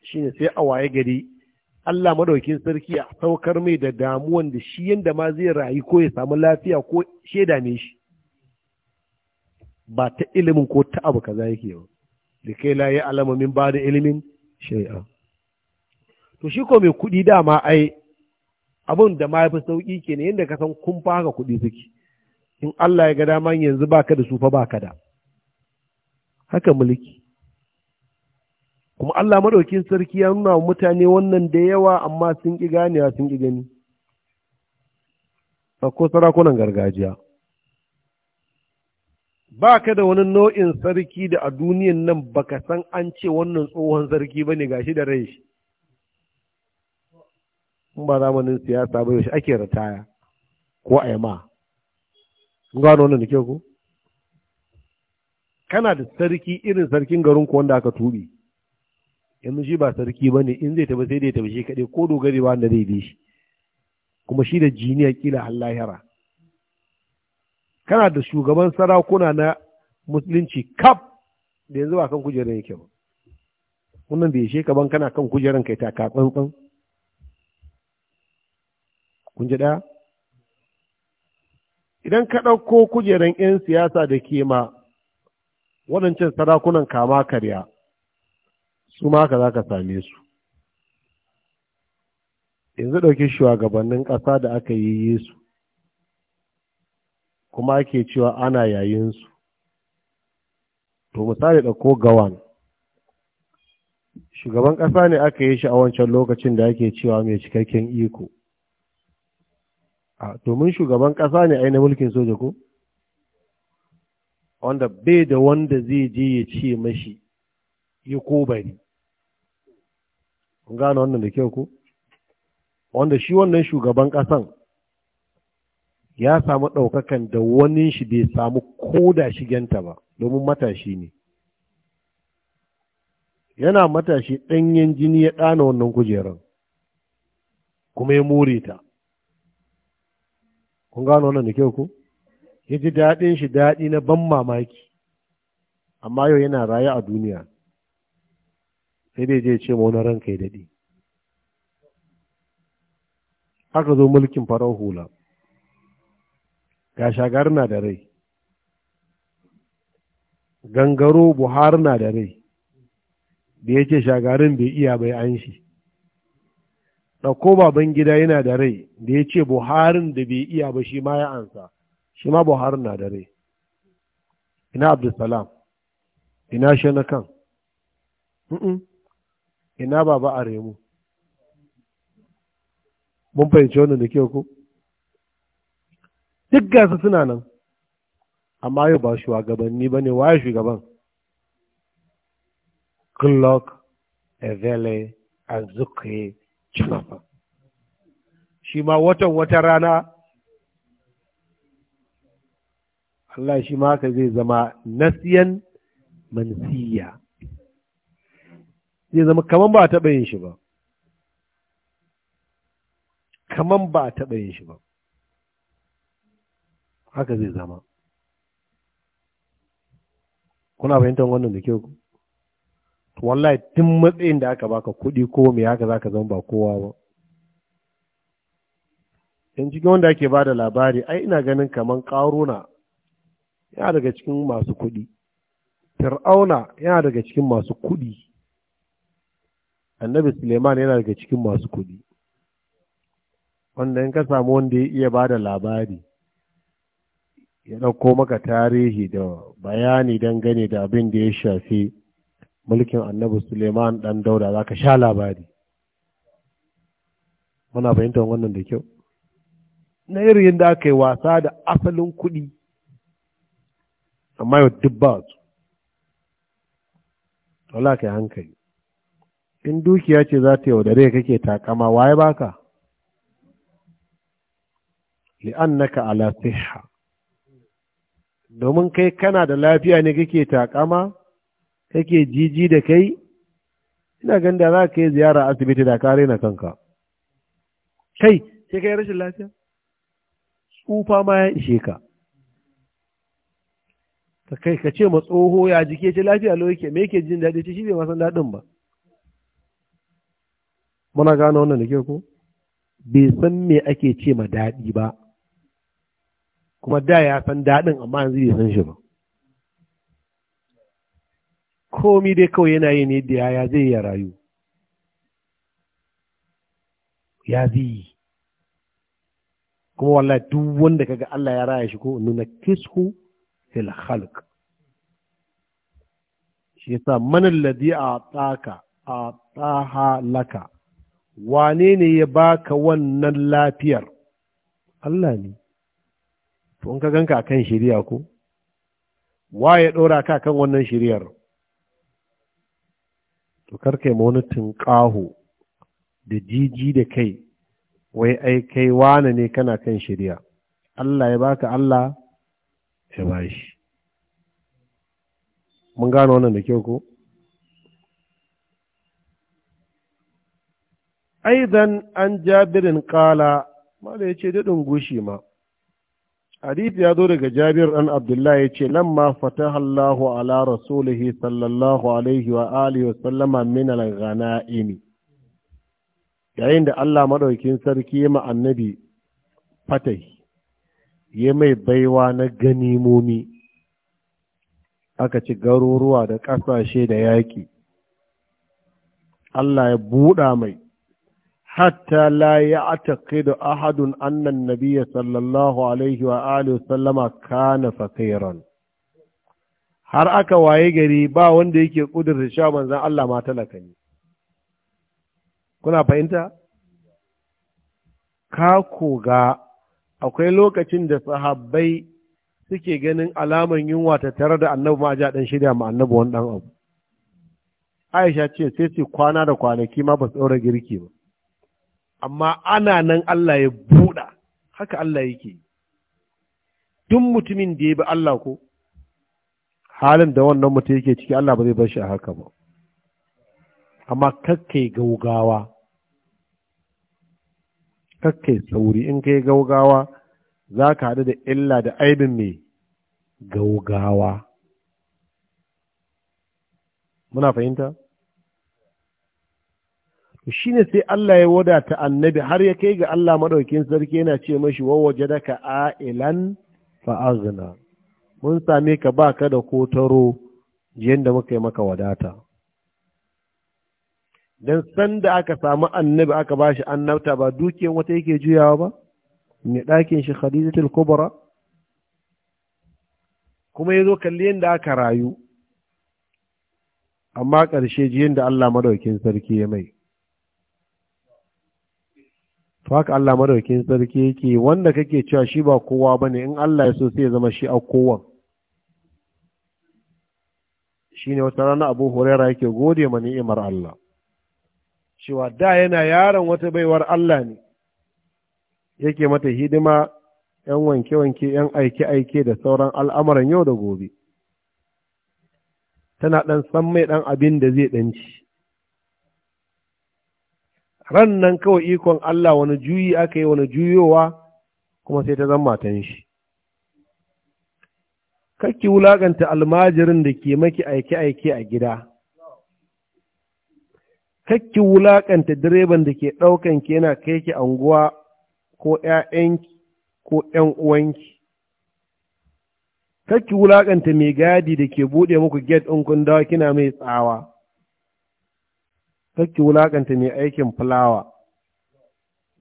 shine sai a waye gari Allah maɗaukin sarki a saukar mai da damuwan da shi yadda ma zai rayu ko ya samu lafiya ko shaida ne shi ba ta ilimin ko ta abu kaza yake ba da kai layi ya alama ba da ilimin shai'a. to shi ko mai kuɗi dama ai abin da ma yafi sauki ke yadda ka san kun fa kuɗi suke in Allah ya ga dama yanzu baka da su fa baka da haka mulki kuma Allah madaukin sarki ya nuna wa mutane wannan da yawa amma sun ƙi ganewa sun ƙi gani ko sarakunan gargajiya ba ka da wani nau'in sarki da a duniyan nan baka san an ce wannan tsohon sarki ba ne gashi da rai shi Mun ba zamanin siyasa ba yaushe ake ritaya ko a ma gano wannan da ke ku kana da sarki irin sarkin garin ku wanda aka ture? yanzu shi ba sarki ba ne in zai tafi sai dai tafi shi kaɗai ko dogari ba wanda zai bi shi kuma shi da jiniya kila ya kana da shugaban sarakuna na musulunci kaf da yanzu ba kan kujerar yake ba wannan bai ishe kaban kana kan kujerar kai taka tsantsan kun ji ɗaya idan ka ɗauko kujerar 'yan siyasa da ke ma waɗancan sarakunan kama karya su ma haka za ka same su yanzu ɗauki shugabannin ƙasa da aka yi su kuma ake cewa ana yayinsu to misali ɗauko gawan shugaban ƙasa ne aka yi shi a wancan lokacin da ake cewa mai cikakken iko a domin shugaban ƙasa ne ainihin mulkin soja ko wanda bai da wanda zai je ya ce mashi ya ko bari kun gane wannan da kyau ko wanda shi wannan shugaban ƙasan ya samu ɗaukakan da wani shi bai samu koda shigenta ba domin matashi ne yana matashi ɗanyen jini ya ɗana wannan kujeran kuma ya more ta kun gano wannan da kyau ku ya ji daɗin shi daɗi na ban mamaki amma yau yana raye a duniya sai dai je ce ma wani ranka ya daɗi aka zo mulkin farar hula ga shagar na da rai gangaro buhari na da rai da ya ce shagarin bai iya bai an shi ɗauko baban gida yana da rai da ya ce buharin da bai iya ba shi ma ya ansa shi ma buharin na da rai ina abdulsalam ina shanakan ina baba a remu mun fahimci wannan da ke ko duk gasa suna nan amma yau ba shugabanni ba ne waye shugaban Glock, Evele, Azuke, Chinafa. Shi ma watan wata rana, Allah shi ma haka zai zama nasiyan mansiya. zai zama kaman ba taɓa yin shi ba kaman ba taɓa yin shi ba haka zai zama kuna fahimtar wannan da kyau wallahi tun matsayin da aka baka kuɗi ko me haka za ka zama ba kowa ba in cikin wanda ake ba da labari ai ina ganin kaman ƙaruna yana daga cikin masu kuɗi fir'auna yana daga cikin masu kuɗi annabi suleiman yana daga cikin masu kuɗi wanda in ka samu wanda ya iya ba da labari ya ɗauko maka tarihi da bayani dangane da abin da ya shafi mulkin annabi suleiman ɗan dauda za ka sha labari muna fahimtar wannan da kyau na irin da aka yi wasa da asalin kuɗi amma yau duk ba su wala ka yi hankali in dukiya ce za ta yaudare kake takama waye baka li'annaka ala siha domin kai kana da lafiya ne kake takama kake jiji da kai ina ganda za ka yi ziyara asibiti da kare na kanka kai ce kai rashin lafiya tsufa ma ya ishe ka ka kai ka ce ma tsoho ya jike ce lafiya lo yake me yake jin daɗi ce shi ne masan daɗin ba muna gano wannan da ke ko bai san me ake ce ma daɗi ba kuma da ya san daɗin amma yanzu bai san shi ba komi dai kawai yana yi ne da yaya zai ya rayu ya yi kuma wallahi duk wanda kaga Allah ya raya shi ko nuna kishu fil khalq shi yasa man alladhi ataka ataha laka wane ne ya baka wannan lafiyar Allah ne to in ka ganka kan shirya ko Wa ya ɗora ka kan wannan shiryar to kai ma wani tunƙaho da jiji da kai wai ai kai wane ne kana kan shirya Allah ya baka Allah ya bashi mun gano wannan da kyau ko aidan an jabirin kala mala ya ce daɗin gushi ma hadith ya zo daga jabir ɗan abdullahi ya ce lamma fataha Allahu ala rasulihi sallallahu alaihi wa alihi wa sallama min al-ghanaimi yayin da Allah madaukin sarki ya ma annabi Fatai ya mai baiwa na ganimomi aka ci garuruwa da ƙasashe da yaƙi Allah ya buɗa mai حتى لا يعتقد أحد ahadun النبي صلى الله sallallahu alaihi وسلم كان sallama har aka waye gari ba wanda yake kudurta sha manzan Allah ma talaka ne kuna fahimta ka koga akwai lokacin da sahabbai suke ganin alaman yunwa ta tare da annabi ma ja dan shirya ma annabi wani dan abu Aisha ce sai su kwana da kwanaki ma ba su girki ba amma ana nan Allah ya buɗa haka Allah yake duk mutumin da ya bi Allah ko halin da wannan mutum yake ciki Allah ba zai bar shi a haka ba amma kakkai gaugawa kakkai sauri in kai gaugawa za ka haɗu da illa da aibin mai gaugawa muna fahimta? shi ne sai Allah ya wadata annabi har ya kai ga Allah maɗaukin sarki yana ce mashi wawaje daka a'ilan fa'azina mun same ka ba ka da kotaro jiyan da muka yi maka wadata don sanda aka samu annabi aka ba shi annabta ba dukiyan wata yake juyawa ba ne ɗakin shi khadijatul tilkubara kuma ya zo kalli yadda aka rayu amma ƙarshe jiyan da Allah maɗaukin sarki ya mai to haka Allah madaukin sarki yake wanda kake cewa shi ba kowa bane in Allah ya so sai ya zama shi a kowan ne wata rana Abu Huraira yake gode ma ni'imar Allah cewa da yana yaron wata baiwar Allah ne yake mata hidima ‘yan wanke-wanke, ‘yan aike-aike da sauran al'amuran yau da gobe, tana ɗan san mai ɗan abin da zai ɗanci, ran nan kawai ikon Allah wani juyi aka yi wani juyowa kuma sai ta zan matan shi kakki wulaganta almajirin da ke maki aike-aike a gida kakki wulaƙanta direban da ke ɗaukan ke yana kai ki anguwa ko ‘ya'yanki ko ‘yan uwanki. Kakki wulakanta mai gadi da ke buɗe muku get ɗin kun dawa kina mai tsawa. kakki wulaƙanta mai aikin fulawa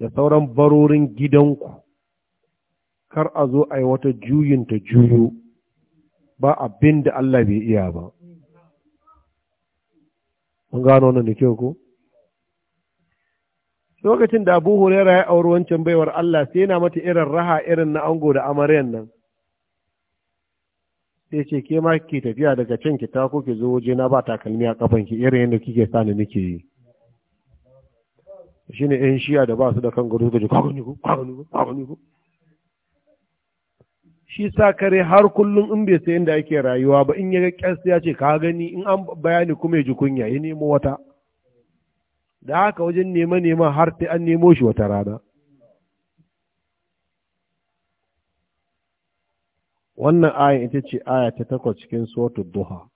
da sauran barorin gidanku kar a zo a yi wata juyin ta juyo ba abin da Allah bai iya ba mun gano wannan da kyau ko lokacin da abu hurera ya auri wancan baiwar Allah sai yana mata irin raha irin na ango da amaryan nan sai ce ke ma ki tafiya daga can ki ta ko ki zo waje na ba takalmi a kafan ki irin yadda kike sani nake yi shine yan shiya da ba su da kan gado suka ji kwakwan yugo kwakwan yugo kwakwan yugo shi sa kare har kullum in bai sai da ake rayuwa ba in ya ga kyas ya ce ka gani in an bayani kuma ya ji kunya ya nemo wata da haka wajen nema nema har sai an nemo shi wata rana wannan ayan ita ce aya ta takwas cikin suratul duha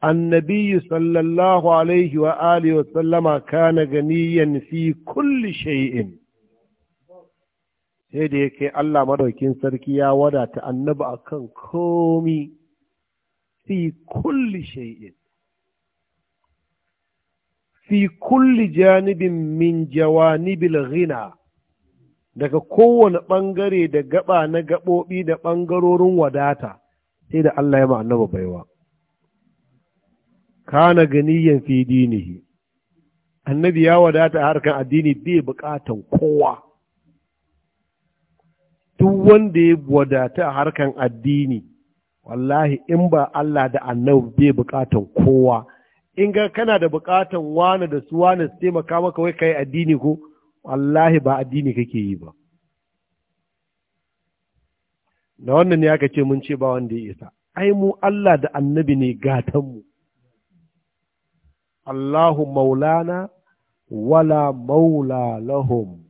annabi sallallahu alaihi wa alihi wa sallama kana ganiyan fi kulli shay'in sai da yake Allah madaukin sarki ya wadata annabi akan komi fi kulli shay'in fi kulli janibin min jawanibil ghina daga kowane ɓangare da gaba na gaɓoɓi da ɓangarorin wadata sai da Allah ya ma'annaba baiwa. Kana ganiyan fi dinihi, annabi ya wadata a harkar addini bai buƙatan kowa. Duk wanda ya wadata a harkar addini, wallahi in ba Allah da annabi bai buƙatan kowa. In ga kana da buƙatan wane da su wane su taimaka maka wai kai addini ko, wallahi ba addini kake yi ba da wannan ne aka ce mun ce ba wanda ya isa ai mu Allah da annabi ne gatanmu Allahu maulana wala maula lahum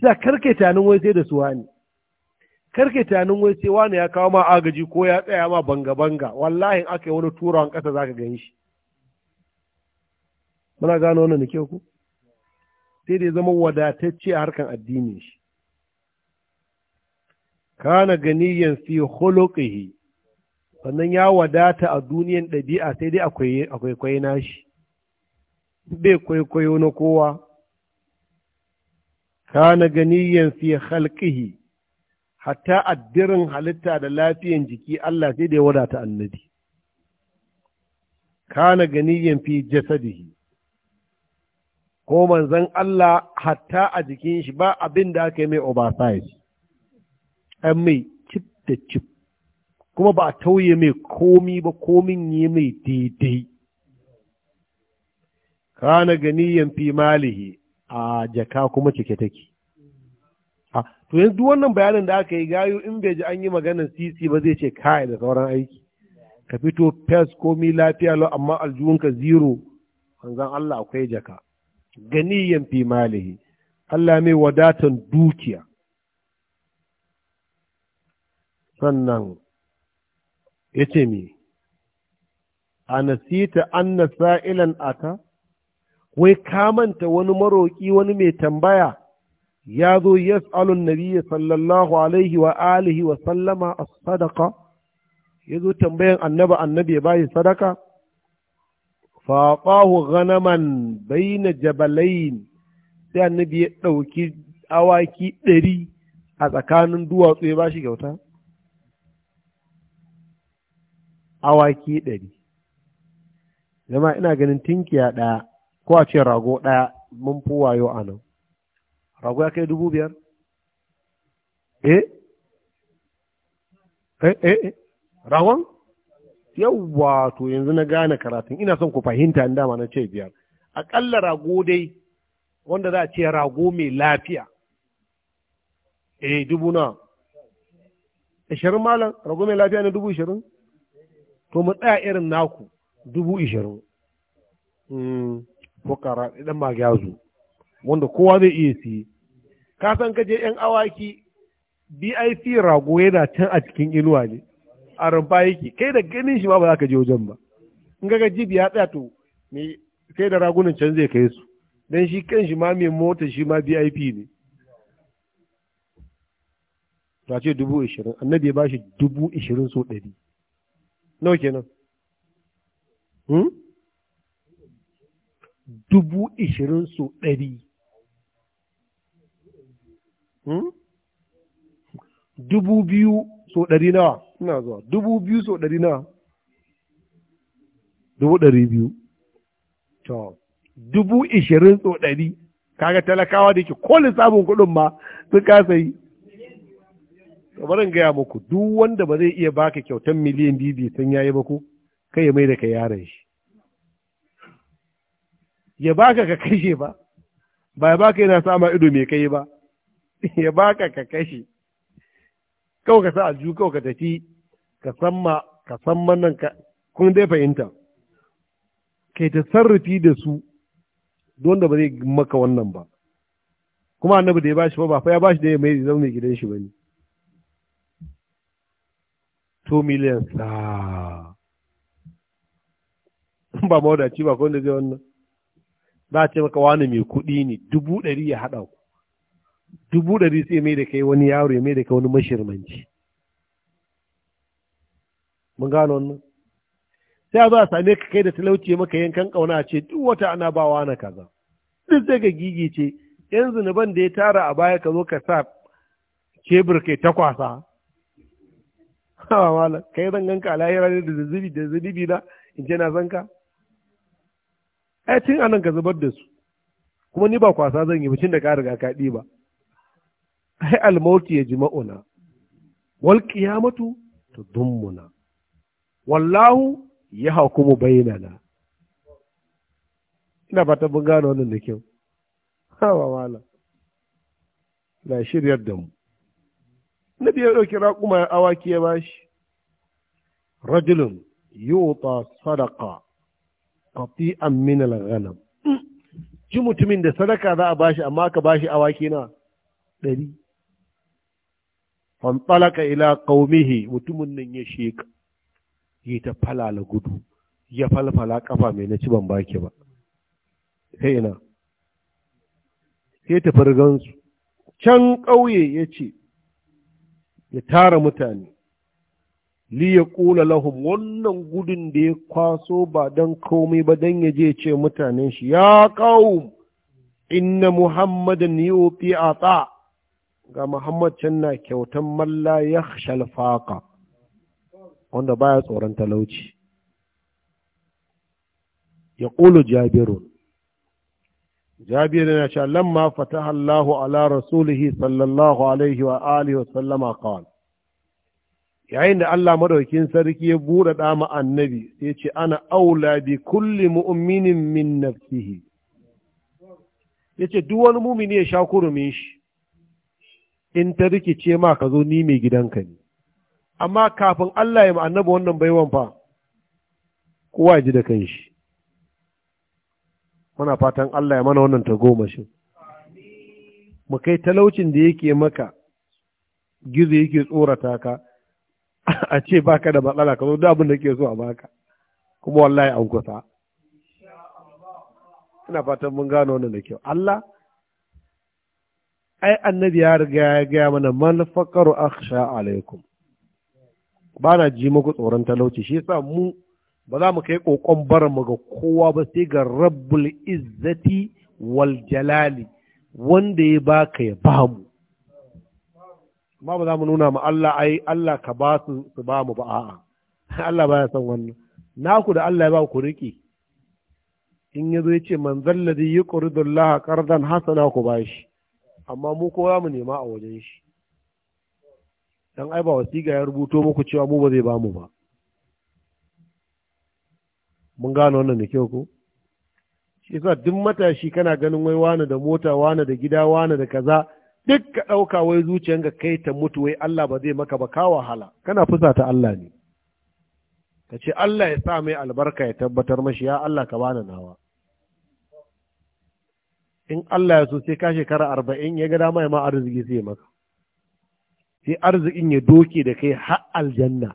kar karke tanin wai sai da su wani karke tanin wai sai wani ya kawo ma agaji ko ya tsaya ma banga banga wallahi in aka yi wani turawan ƙasa zaka gan shi muna gano wannan ne ke ku sai da ya zama wadatacce a harkar addinin shi kana gani fi khuluqihi sannan ya wadata a duniyan ɗabi'a sai dai akwai kwaikwayi nashi bai kwaikwayo na kowa kana yanzu fi halƙihi, hatta addirin halitta da lafiyan jiki Allah sai da ya wadata annabi kana gani fi jasadihi ko manzan Allah hatta a jikin shi ba abin da aka yi mai oversize an mai cip da cip kuma ba a tauye mai komi ba komin yi mai daidai kana gani fi malihi a jaka kuma cike take to yanzu wannan bayanin da aka yi gayo in bai ji an yi maganar sisi ba zai ce kai da sauran aiki ka fito fes komi lafiya lo amma aljuhunka zero manzan Allah akwai jaka ganiyan fi malihi Allah mai wadatan dukiya sannan ya ce mi a nasita an na sa'ilan aka wai kamanta wani maroƙi wani mai tambaya ya zo yas'alun nabiyya sallallahu alaihi wa alihi wa sallama a sadaka ya zo tambayan annaba annabi ya bayi sadaka faƙahu bai na jabalain sai annabi ya ɗauki awaki ɗari a tsakanin duwatsu ya ba shi kyauta awaki ɗari zama ina ganin tinkiya ɗaya ko a ce rago ɗaya mun fi wayo a nan rago ya kai dubu biyar eh eh eh ragon yawwa to yanzu na gane karatun ina son ku fahimta in dama na ce biyar aƙalla rago dai wanda za a ce rago mai lafiya eh dubu na ashirin malam rago mai lafiya na dubu ashirin to mu tsaya irin naku dubu ashirin hmm, fukara ma gyazu wanda kowa zai iya siye ka san kaje yan awaki bip rago yana can a cikin inuwa ne a rumfa yake kai da ganin shi ba ba za ka je wajen ba in ga jibi ya tsaya to me kai da ragunan can zai kai su dan shi kan shi ma mai mota shi ma VIP ne ta ce dubu ishirin annabi ya ba shi dubu ishirin so ɗari nawa kenan hmm? dubu ishirin so ɗari hmm? dubu biyu so ɗari nawa ina zuwa dubu biyu so ɗari na dubu ɗari biyu to dubu ishirin so ɗari kaga talakawa da yake ko lissafin kuɗin ma sun kasa yi kamar in gaya muku duk wanda ba zai iya baka kyautan miliyan biyu biyu sun yayi ba kai ya mai da ka yaran shi ya baka ka kashe ba ba ya baka yana sama ido mai kai ba (laughs) ya baka ka kashe kawai ka sa aljihu kawai ka tafi ka san ma ka san manan ka kun dai fahimta kai ta sarrafi da su don da ba zai maka wannan ba kuma annabi da ya bashi ba ba fa ya bashi da ya mai zaune gidan shi bane 2 million sa ba mawadaci ba ko wanda zai wannan za a ce maka wani mai kuɗi ne dubu ɗari ya haɗa ku dubu ɗari sai mai da kai wani yaro ya mai da kai wani mashirmanci mun gano wannan sai a zo a same ka kai da talauci maka yankan kauna ce duk wata ana bawa na kaza duk sai ka ce, yan zunuban da ya tara a baya ka zo ka sa kebur kai ta kwasa hawa ka kai zan ganka a lahira ne da zunubi da zunubi na in ce na san ka ai tun anan ka zubar da su kuma ni ba kwasa zan yi bacin da ka riga ka ba ai almauti ya ji ma'una wal qiyamatu tudummuna wallahu ya hakumu bainana ina fata mun gano wannan da kyau hawa wala na shiryar da mu nabi ya ɗauki raƙuma awaki ya bashi rajulun yuta sadaka qati'an amina al hmm. ji mutumin da sadaka za a bashi amma ka bashi awaki na ɗari fantalaka ila qaumihi mutumin nan ya sheka yi ta falala gudu ya falfala kafa mai na ci ban baki ba sai ina sai ta fargansu can ƙauye ya ce ya tara mutane li ya ƙula lahum wannan gudun da ya kwaso ba don komai ba don ya je ce mutanen shi ya ƙawo inna muhammadan fi a tsa ga muhammad can na kyautan malla ya shalfaka wanda baya tsoron talauci ya ƙulu Jabiru. Jabiru na sha lamma fata Allahu ala rasulihi sallallahu alaihi wa alihi wa sallama qala yayin da Allah madaukin sarki ya buɗe da annabi sai ce ana aula bi kulli mu'minin min nafsihi yace duk wani mumini ya sha kurumin shi in ta rikice ma ka zo ni mai gidanka ne amma kafin Allah ya ma annabi wannan baiwan fa kowa ji da kanshi muna fatan Allah ya mana wannan tagomashin mu kai talaucin da yake maka gizo yake tsorata ka (laughs) a ce baka da matsala ka zo da abin da ke so a baka kuma wallahi an kusa ina fatan mun gano wannan da kyau Allah ai annabi ya riga ya gaya mana man akhsha alaikum ba na ji muku tsoron talauci shi yasa mu ba za mu kai kokon bar mu ga kowa ba sai ga rabbul izzati wal jalali wanda ya baka ya ba mu amma ba za mu nuna mu Allah ai Allah ka ba su su ba mu ba a'a (laughs) Allah baya son wannan naku da Allah ya ba ku riƙe in yazo ya ce man zalladhi yuqridu Allah qardan hasana ku bashi amma mu kowa mu nema a wajen shi dan ai ba wasiƙa ya rubuto muku cewa mu ba zai bamu ba mun gano wannan da kyau ko shi yasa duk matashi kana ganin wai wani da mota wani da gida wani da kaza duk ka ɗauka wai zuciyanka kai ta mutu wai Allah ba zai maka ba ka wahala kana fusata Allah ne ka ce Allah ya sa mai albarka ya tabbatar mashi ya Allah ka bani nawa in Allah ya so sai ka shekara arba'in ya ga dama ya ma arziki zai maka sai arzikin ya doke da kai har aljanna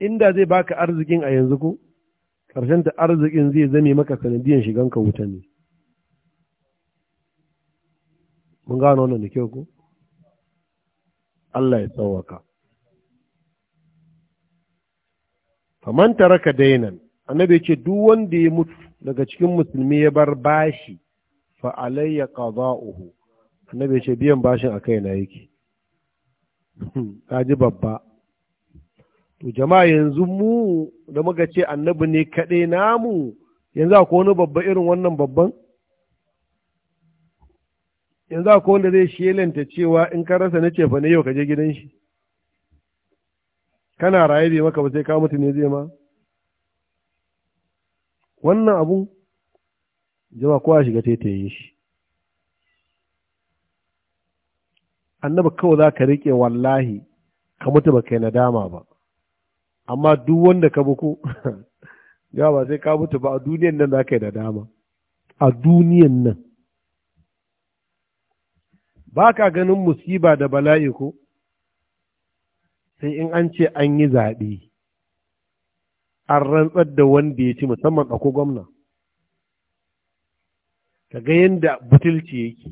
inda zai baka arzikin a yanzu ko ƙarshen ta arzikin zai zame maka sanadiyan shigan ka wuta ne mun gano wannan da kyau ko Allah ya tsawaka faman taraka dainan annabi ce duk wanda ya mutu daga cikin musulmi ya bar bashi fa alayya qada'uhu annabi ce biyan bashin a na yake (laughs) ka ji babba to jama'a yanzu mu da muka ce annabi ne kaɗai namu yanzu akwai wani babba irin wannan babban yanzu akwai wanda zai shelanta cewa in ka rasa na cefa ne yau ka je gidan shi kana raye bai maka ba sai ka mutu ne zai ma wannan abu jama'a kowa shiga taitaye shi annaba kawai za ka riƙe wallahi ka mutu ba kai nadama ba amma duk wanda ka buku (laughs) ya ba sai ka mutu ba a duniyan nan za ka yi nadama a duniyan nan ba ka ganin musiba da bala'i ko sai in an ce an yi zaɓe an rantsar da wanda ya ci musamman ako gwamna ka ga yadda butulci yake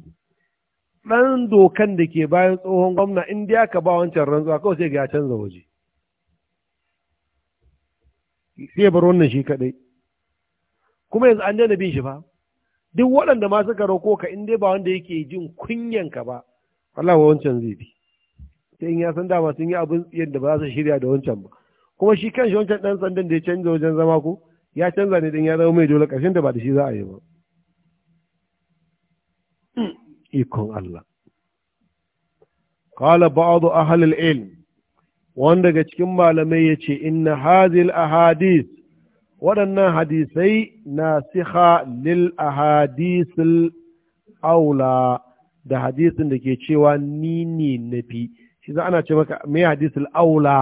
ɗan dokan da ke bayan tsohon gwamna in dai aka ba wancan rantsuwa kawai sai ga ya canza waje sai bar wannan shi kaɗai kuma yanzu an daina bin shi fa? duk waɗanda ma suka roko ka in dai ba wanda yake jin kunyan ka ba Allah wa wancan zai bi sai in ya san dama sun yi abin yadda ba za su shirya da wancan ba kuma shi kan shi wancan ɗan sandan da ya canza wajen zama ko ya canza ne dan ya zama mai dole ƙarshen da ba da shi za a yi ba ikon Allah kala ba'd a al-ilm wanda daga cikin malamai yace inna hadil ahadis waɗannan hadisai nasiha lil ahadisil aula da hadisin da ke cewa ni ne nafi shi za ana ce maka mai hadisul aula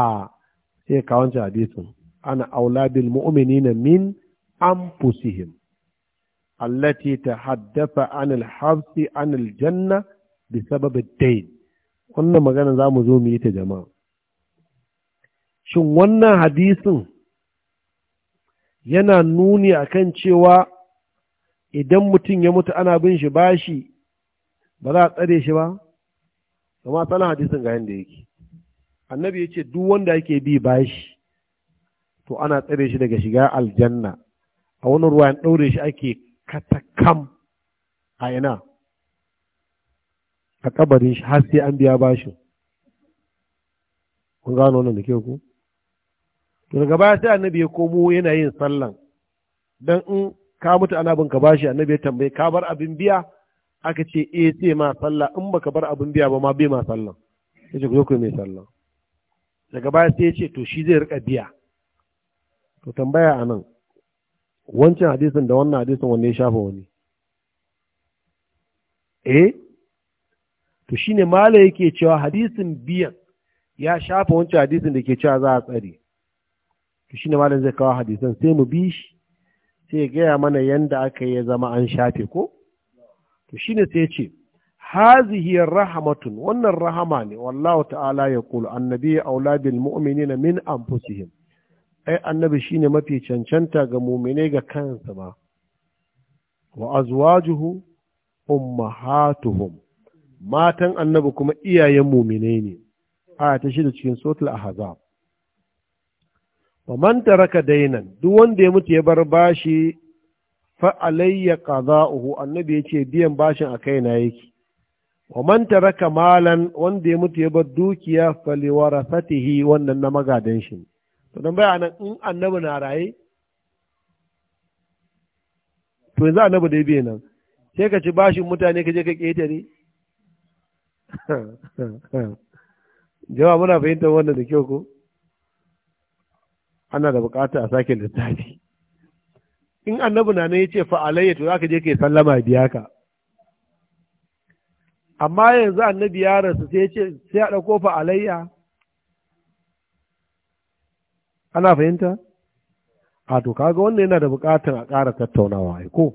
sai ka hadisin ana aula bil mu'minina min anfusihim allati tahaddatha anil habsi anil janna bi sababi dain wannan magana za mu zo mu yi ta jama'a shin wannan hadisin yana nuni akan cewa idan mutum ya mutu ana bin shi bashi ba za a tsare shi ba kuma tsanan hadisin ga yanda yake annabi ya ce duk wanda yake bi bashi to ana tsare shi daga shiga aljanna a wani ruwan ɗaure shi ake katakam a ina a kabarin shi har sai an biya bashin kun gano wannan da ke ku to daga baya sai annabi ya komo yana yin sallan dan in ka mutu ana bin ka bashi annabi ya tambaye ka bar abin biya aka ce eh sai ma sallah in baka bar abin biya ba ma bai ma sallan, yace ce ku mai sallan daga baya sai ya ce to shi zai rika biya to tambaya anan wancan hadisin da wannan hadisin wanne ya shafa wani eh to shine mala yake cewa hadisin biyan ya shafa wancan hadisin da ke cewa za a tsari to shine mala zai kawo hadisan sai mu bi shi sai ya gaya mana yanda aka yi zama an shafe ko to shine sai ce hazihi rahmatun wannan rahama ne wallahu ta'ala ya kulu annabi aula bil mu'minina min anfusihim ai annabi shine mafi cancanta ga muminai ga kansa ba wa azwajuhu ummahatuhum matan annabi kuma iyayen muminai ne aya ta shida cikin suratul ahzab wa man taraka dainan duk wanda ya mutu ya bar bashi fa alayya qada'uhu annabi yace biyan bashin a kaina yake wa man taraka malan wanda ya mutu ya bar dukiya liwarathatihi wannan na magadan shi to don baya nan in annabi na raye to yanzu annabi da biye nan sai ka ci bashin mutane ka je ka ƙetare (laughs) jama'a muna fahimtar wannan da kyau ko ana da bukata a sake littafi in annabi na ne ya ce fa'alayya to za ka je ka yi sallama biya ka amma yanzu annabi ya rasu sai ya ce sai a ɗauko fa'alayya ana fahimta a to kaga wannan yana da bukatar a ƙara tattaunawa ai ko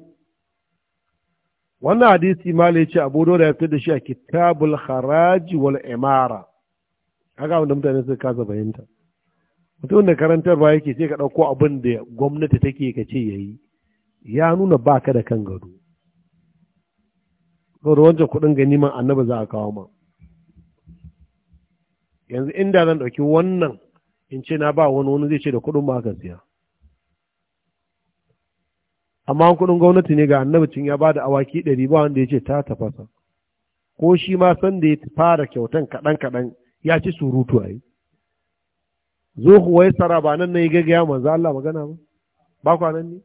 wannan hadisi malai ce abu da ya fitar da shi a kitabul haraji wal imara kaga wanda mutane suka kasa fahimta mutum da karantarwa yake sai ka ɗauko abin da gwamnati take ka ce ya yi ya nuna ba ka da kan gado saboda wancan kuɗin ganiman annabi za a kawo ma yanzu inda zan ɗauki wannan in ce na ba wani wani zai ce da kuɗin ba siya amma kuɗin gwamnati ne ga annabicin ya ba da awaki ɗari ba wanda ya ce ta tafasa ko shi ma san da ya fara kyautan kaɗan-kaɗan ya ci surutu a yi zo kuwa ya tsara ba nan na yi gaggaya manzo Allah magana ba ba kwa nan ne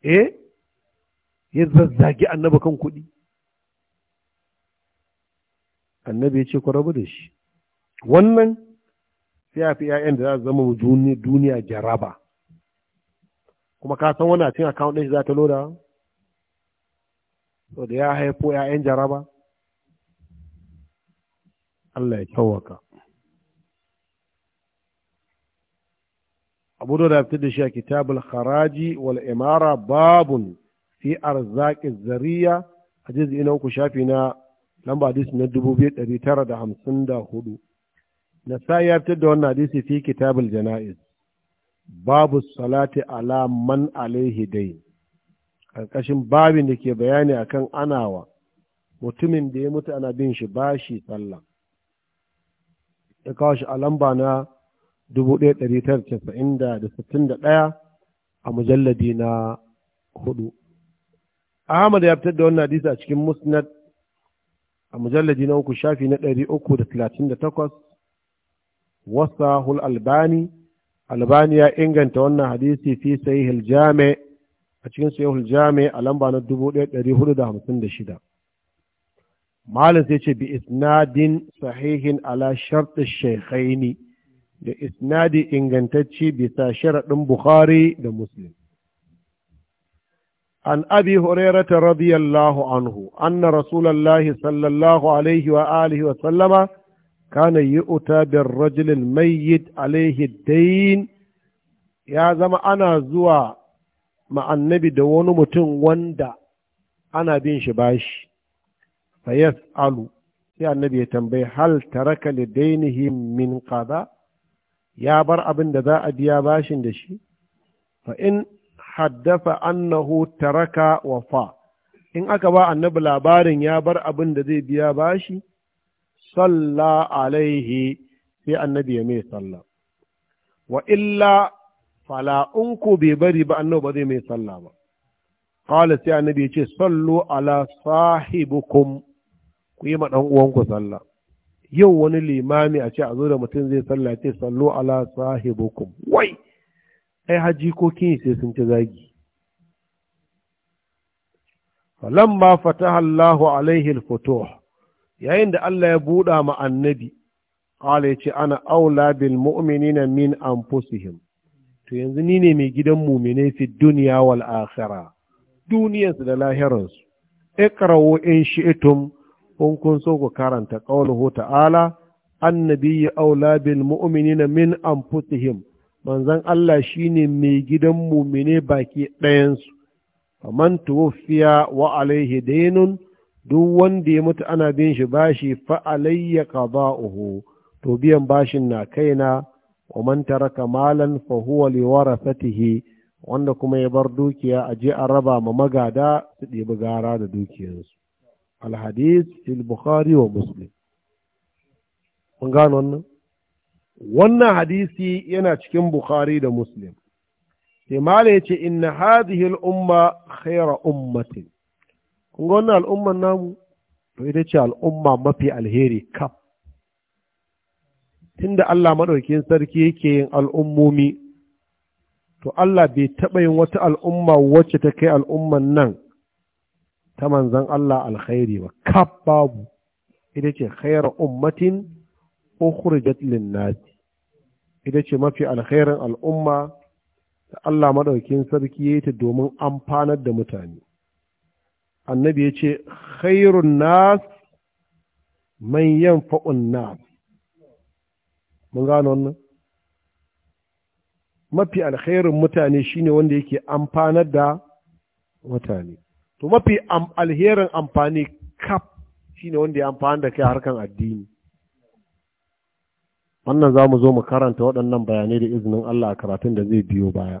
eh ya zazzagi annabi kan kuɗi annabi ya ce ku rabu da shi wannan sai a fi 'ya'yan da za su zama duniya jaraba kuma ka san wani a cin account ɗin shi za ta loda so da ya haifo 'ya'yan jaraba Allah ya kyawaka abu da fitar da shi a kitabul haraji wal imara babun fi arzaki zariya a jizi na uku shafi na lamba hadisi na dubu biyu tara da hamsin da hudu Nasa ya fitar da wannan hadisi fi kitabul jana'iz babu salati ala man alaihi dai karkashin babin da ke bayani akan anawa mutumin da ya mutu ana bin shi bashi sallah ya kawo shi a lamba na 1991 a mujalladi na hudu Ahmad ya fitar da wannan hadisi a cikin musnad a mujalladi na uku shafi na 338 wasahul albani albani ya inganta wannan hadisi fi sahihul jami a cikin sahihul jami a lamba na 1456 malam sai ce bi isnadin sahihin ala shartu shaykhaini da isnadi ingantacci bisa sharaɗin bukhari da muslim عن أبي هريرة رضي الله عنه أن رسول الله صلى الله عليه وآله وسلم kana yi bir rajul al mayyit alayhi dayn ya zama ana zuwa ma annabi da wani mutum wanda ana bin shi bashi fa yas'alu sai annabi ya tambayi hal taraka li dainihi min kaza ya bar abin da za a biya bashin da shi fa in haddafa annahu taraka wafa in aka ba annabi labarin ya bar abin da zai biya bashi salla alaihi sai annabi ya mai salla wa illa fala'unku bai bari ba annabi ba zai mai salla ba qala sai annabi ya ce sallu ala sahibukum ku yi ma dan uwanku salla yau wani limami a ce a zo da mutum zai salla ce sallu ala sahibukum wai ai haji ko kin sai sun ci zagi falamma fatahallahu Allahu alaihi al-futuh yayin da Allah ya buɗa ma annabi ya ce ana aula bil mu'minina min anfusihim to yanzu ni ne mai gidan mu'minai fi duniya wal akhirah duniyarsu da lahiransu ikrawo in shi'tum in kun so ku karanta qawluhu ta'ala annabi ya aula bil mu'minina min anfusihim manzon Allah shine mai gidan mu'mine baki ɗayansu faman tuwfiya wa alaihi daynun duk wanda ya mutu ana bin shi bashi fa alayya qada'uhu to biyan bashin na kaina wa man taraka malan fa huwa li wanda kuma ya bar dukiya a je a raba ma magada su ɗebi gara da dukiyarsu al hadith fil bukhari wa muslim mun gano wannan wannan hadisi yana cikin bukhari da muslim sai mala yace inna hadhihi al umma khayra ummatin Kungo wannan al'umman namu to ita ce al'umma mafi alheri kaf tunda Allah maɗaukin sarki yake yin al'ummomi to Allah bai taɓa yin wata al'umma wacce ta kai al'umman nan ta manzan Allah alkhairi ba kaf babu ita ce khairu ummatin ukhrijat lin-nas ita ce mafi alkhairin al'umma da Allah maɗaukin sarki ya yi ta domin amfanar da mutane annabi ya ce khairun nas man yanfa'un nas mun gano wannan mafi alkhairun mutane shine wanda yake amfanar da mutane to mafi alherin amfani kaf shine wanda ya amfani da kai harkan addini wannan za mu zo mu karanta waɗannan bayanai da izinin Allah a karatun da zai biyo baya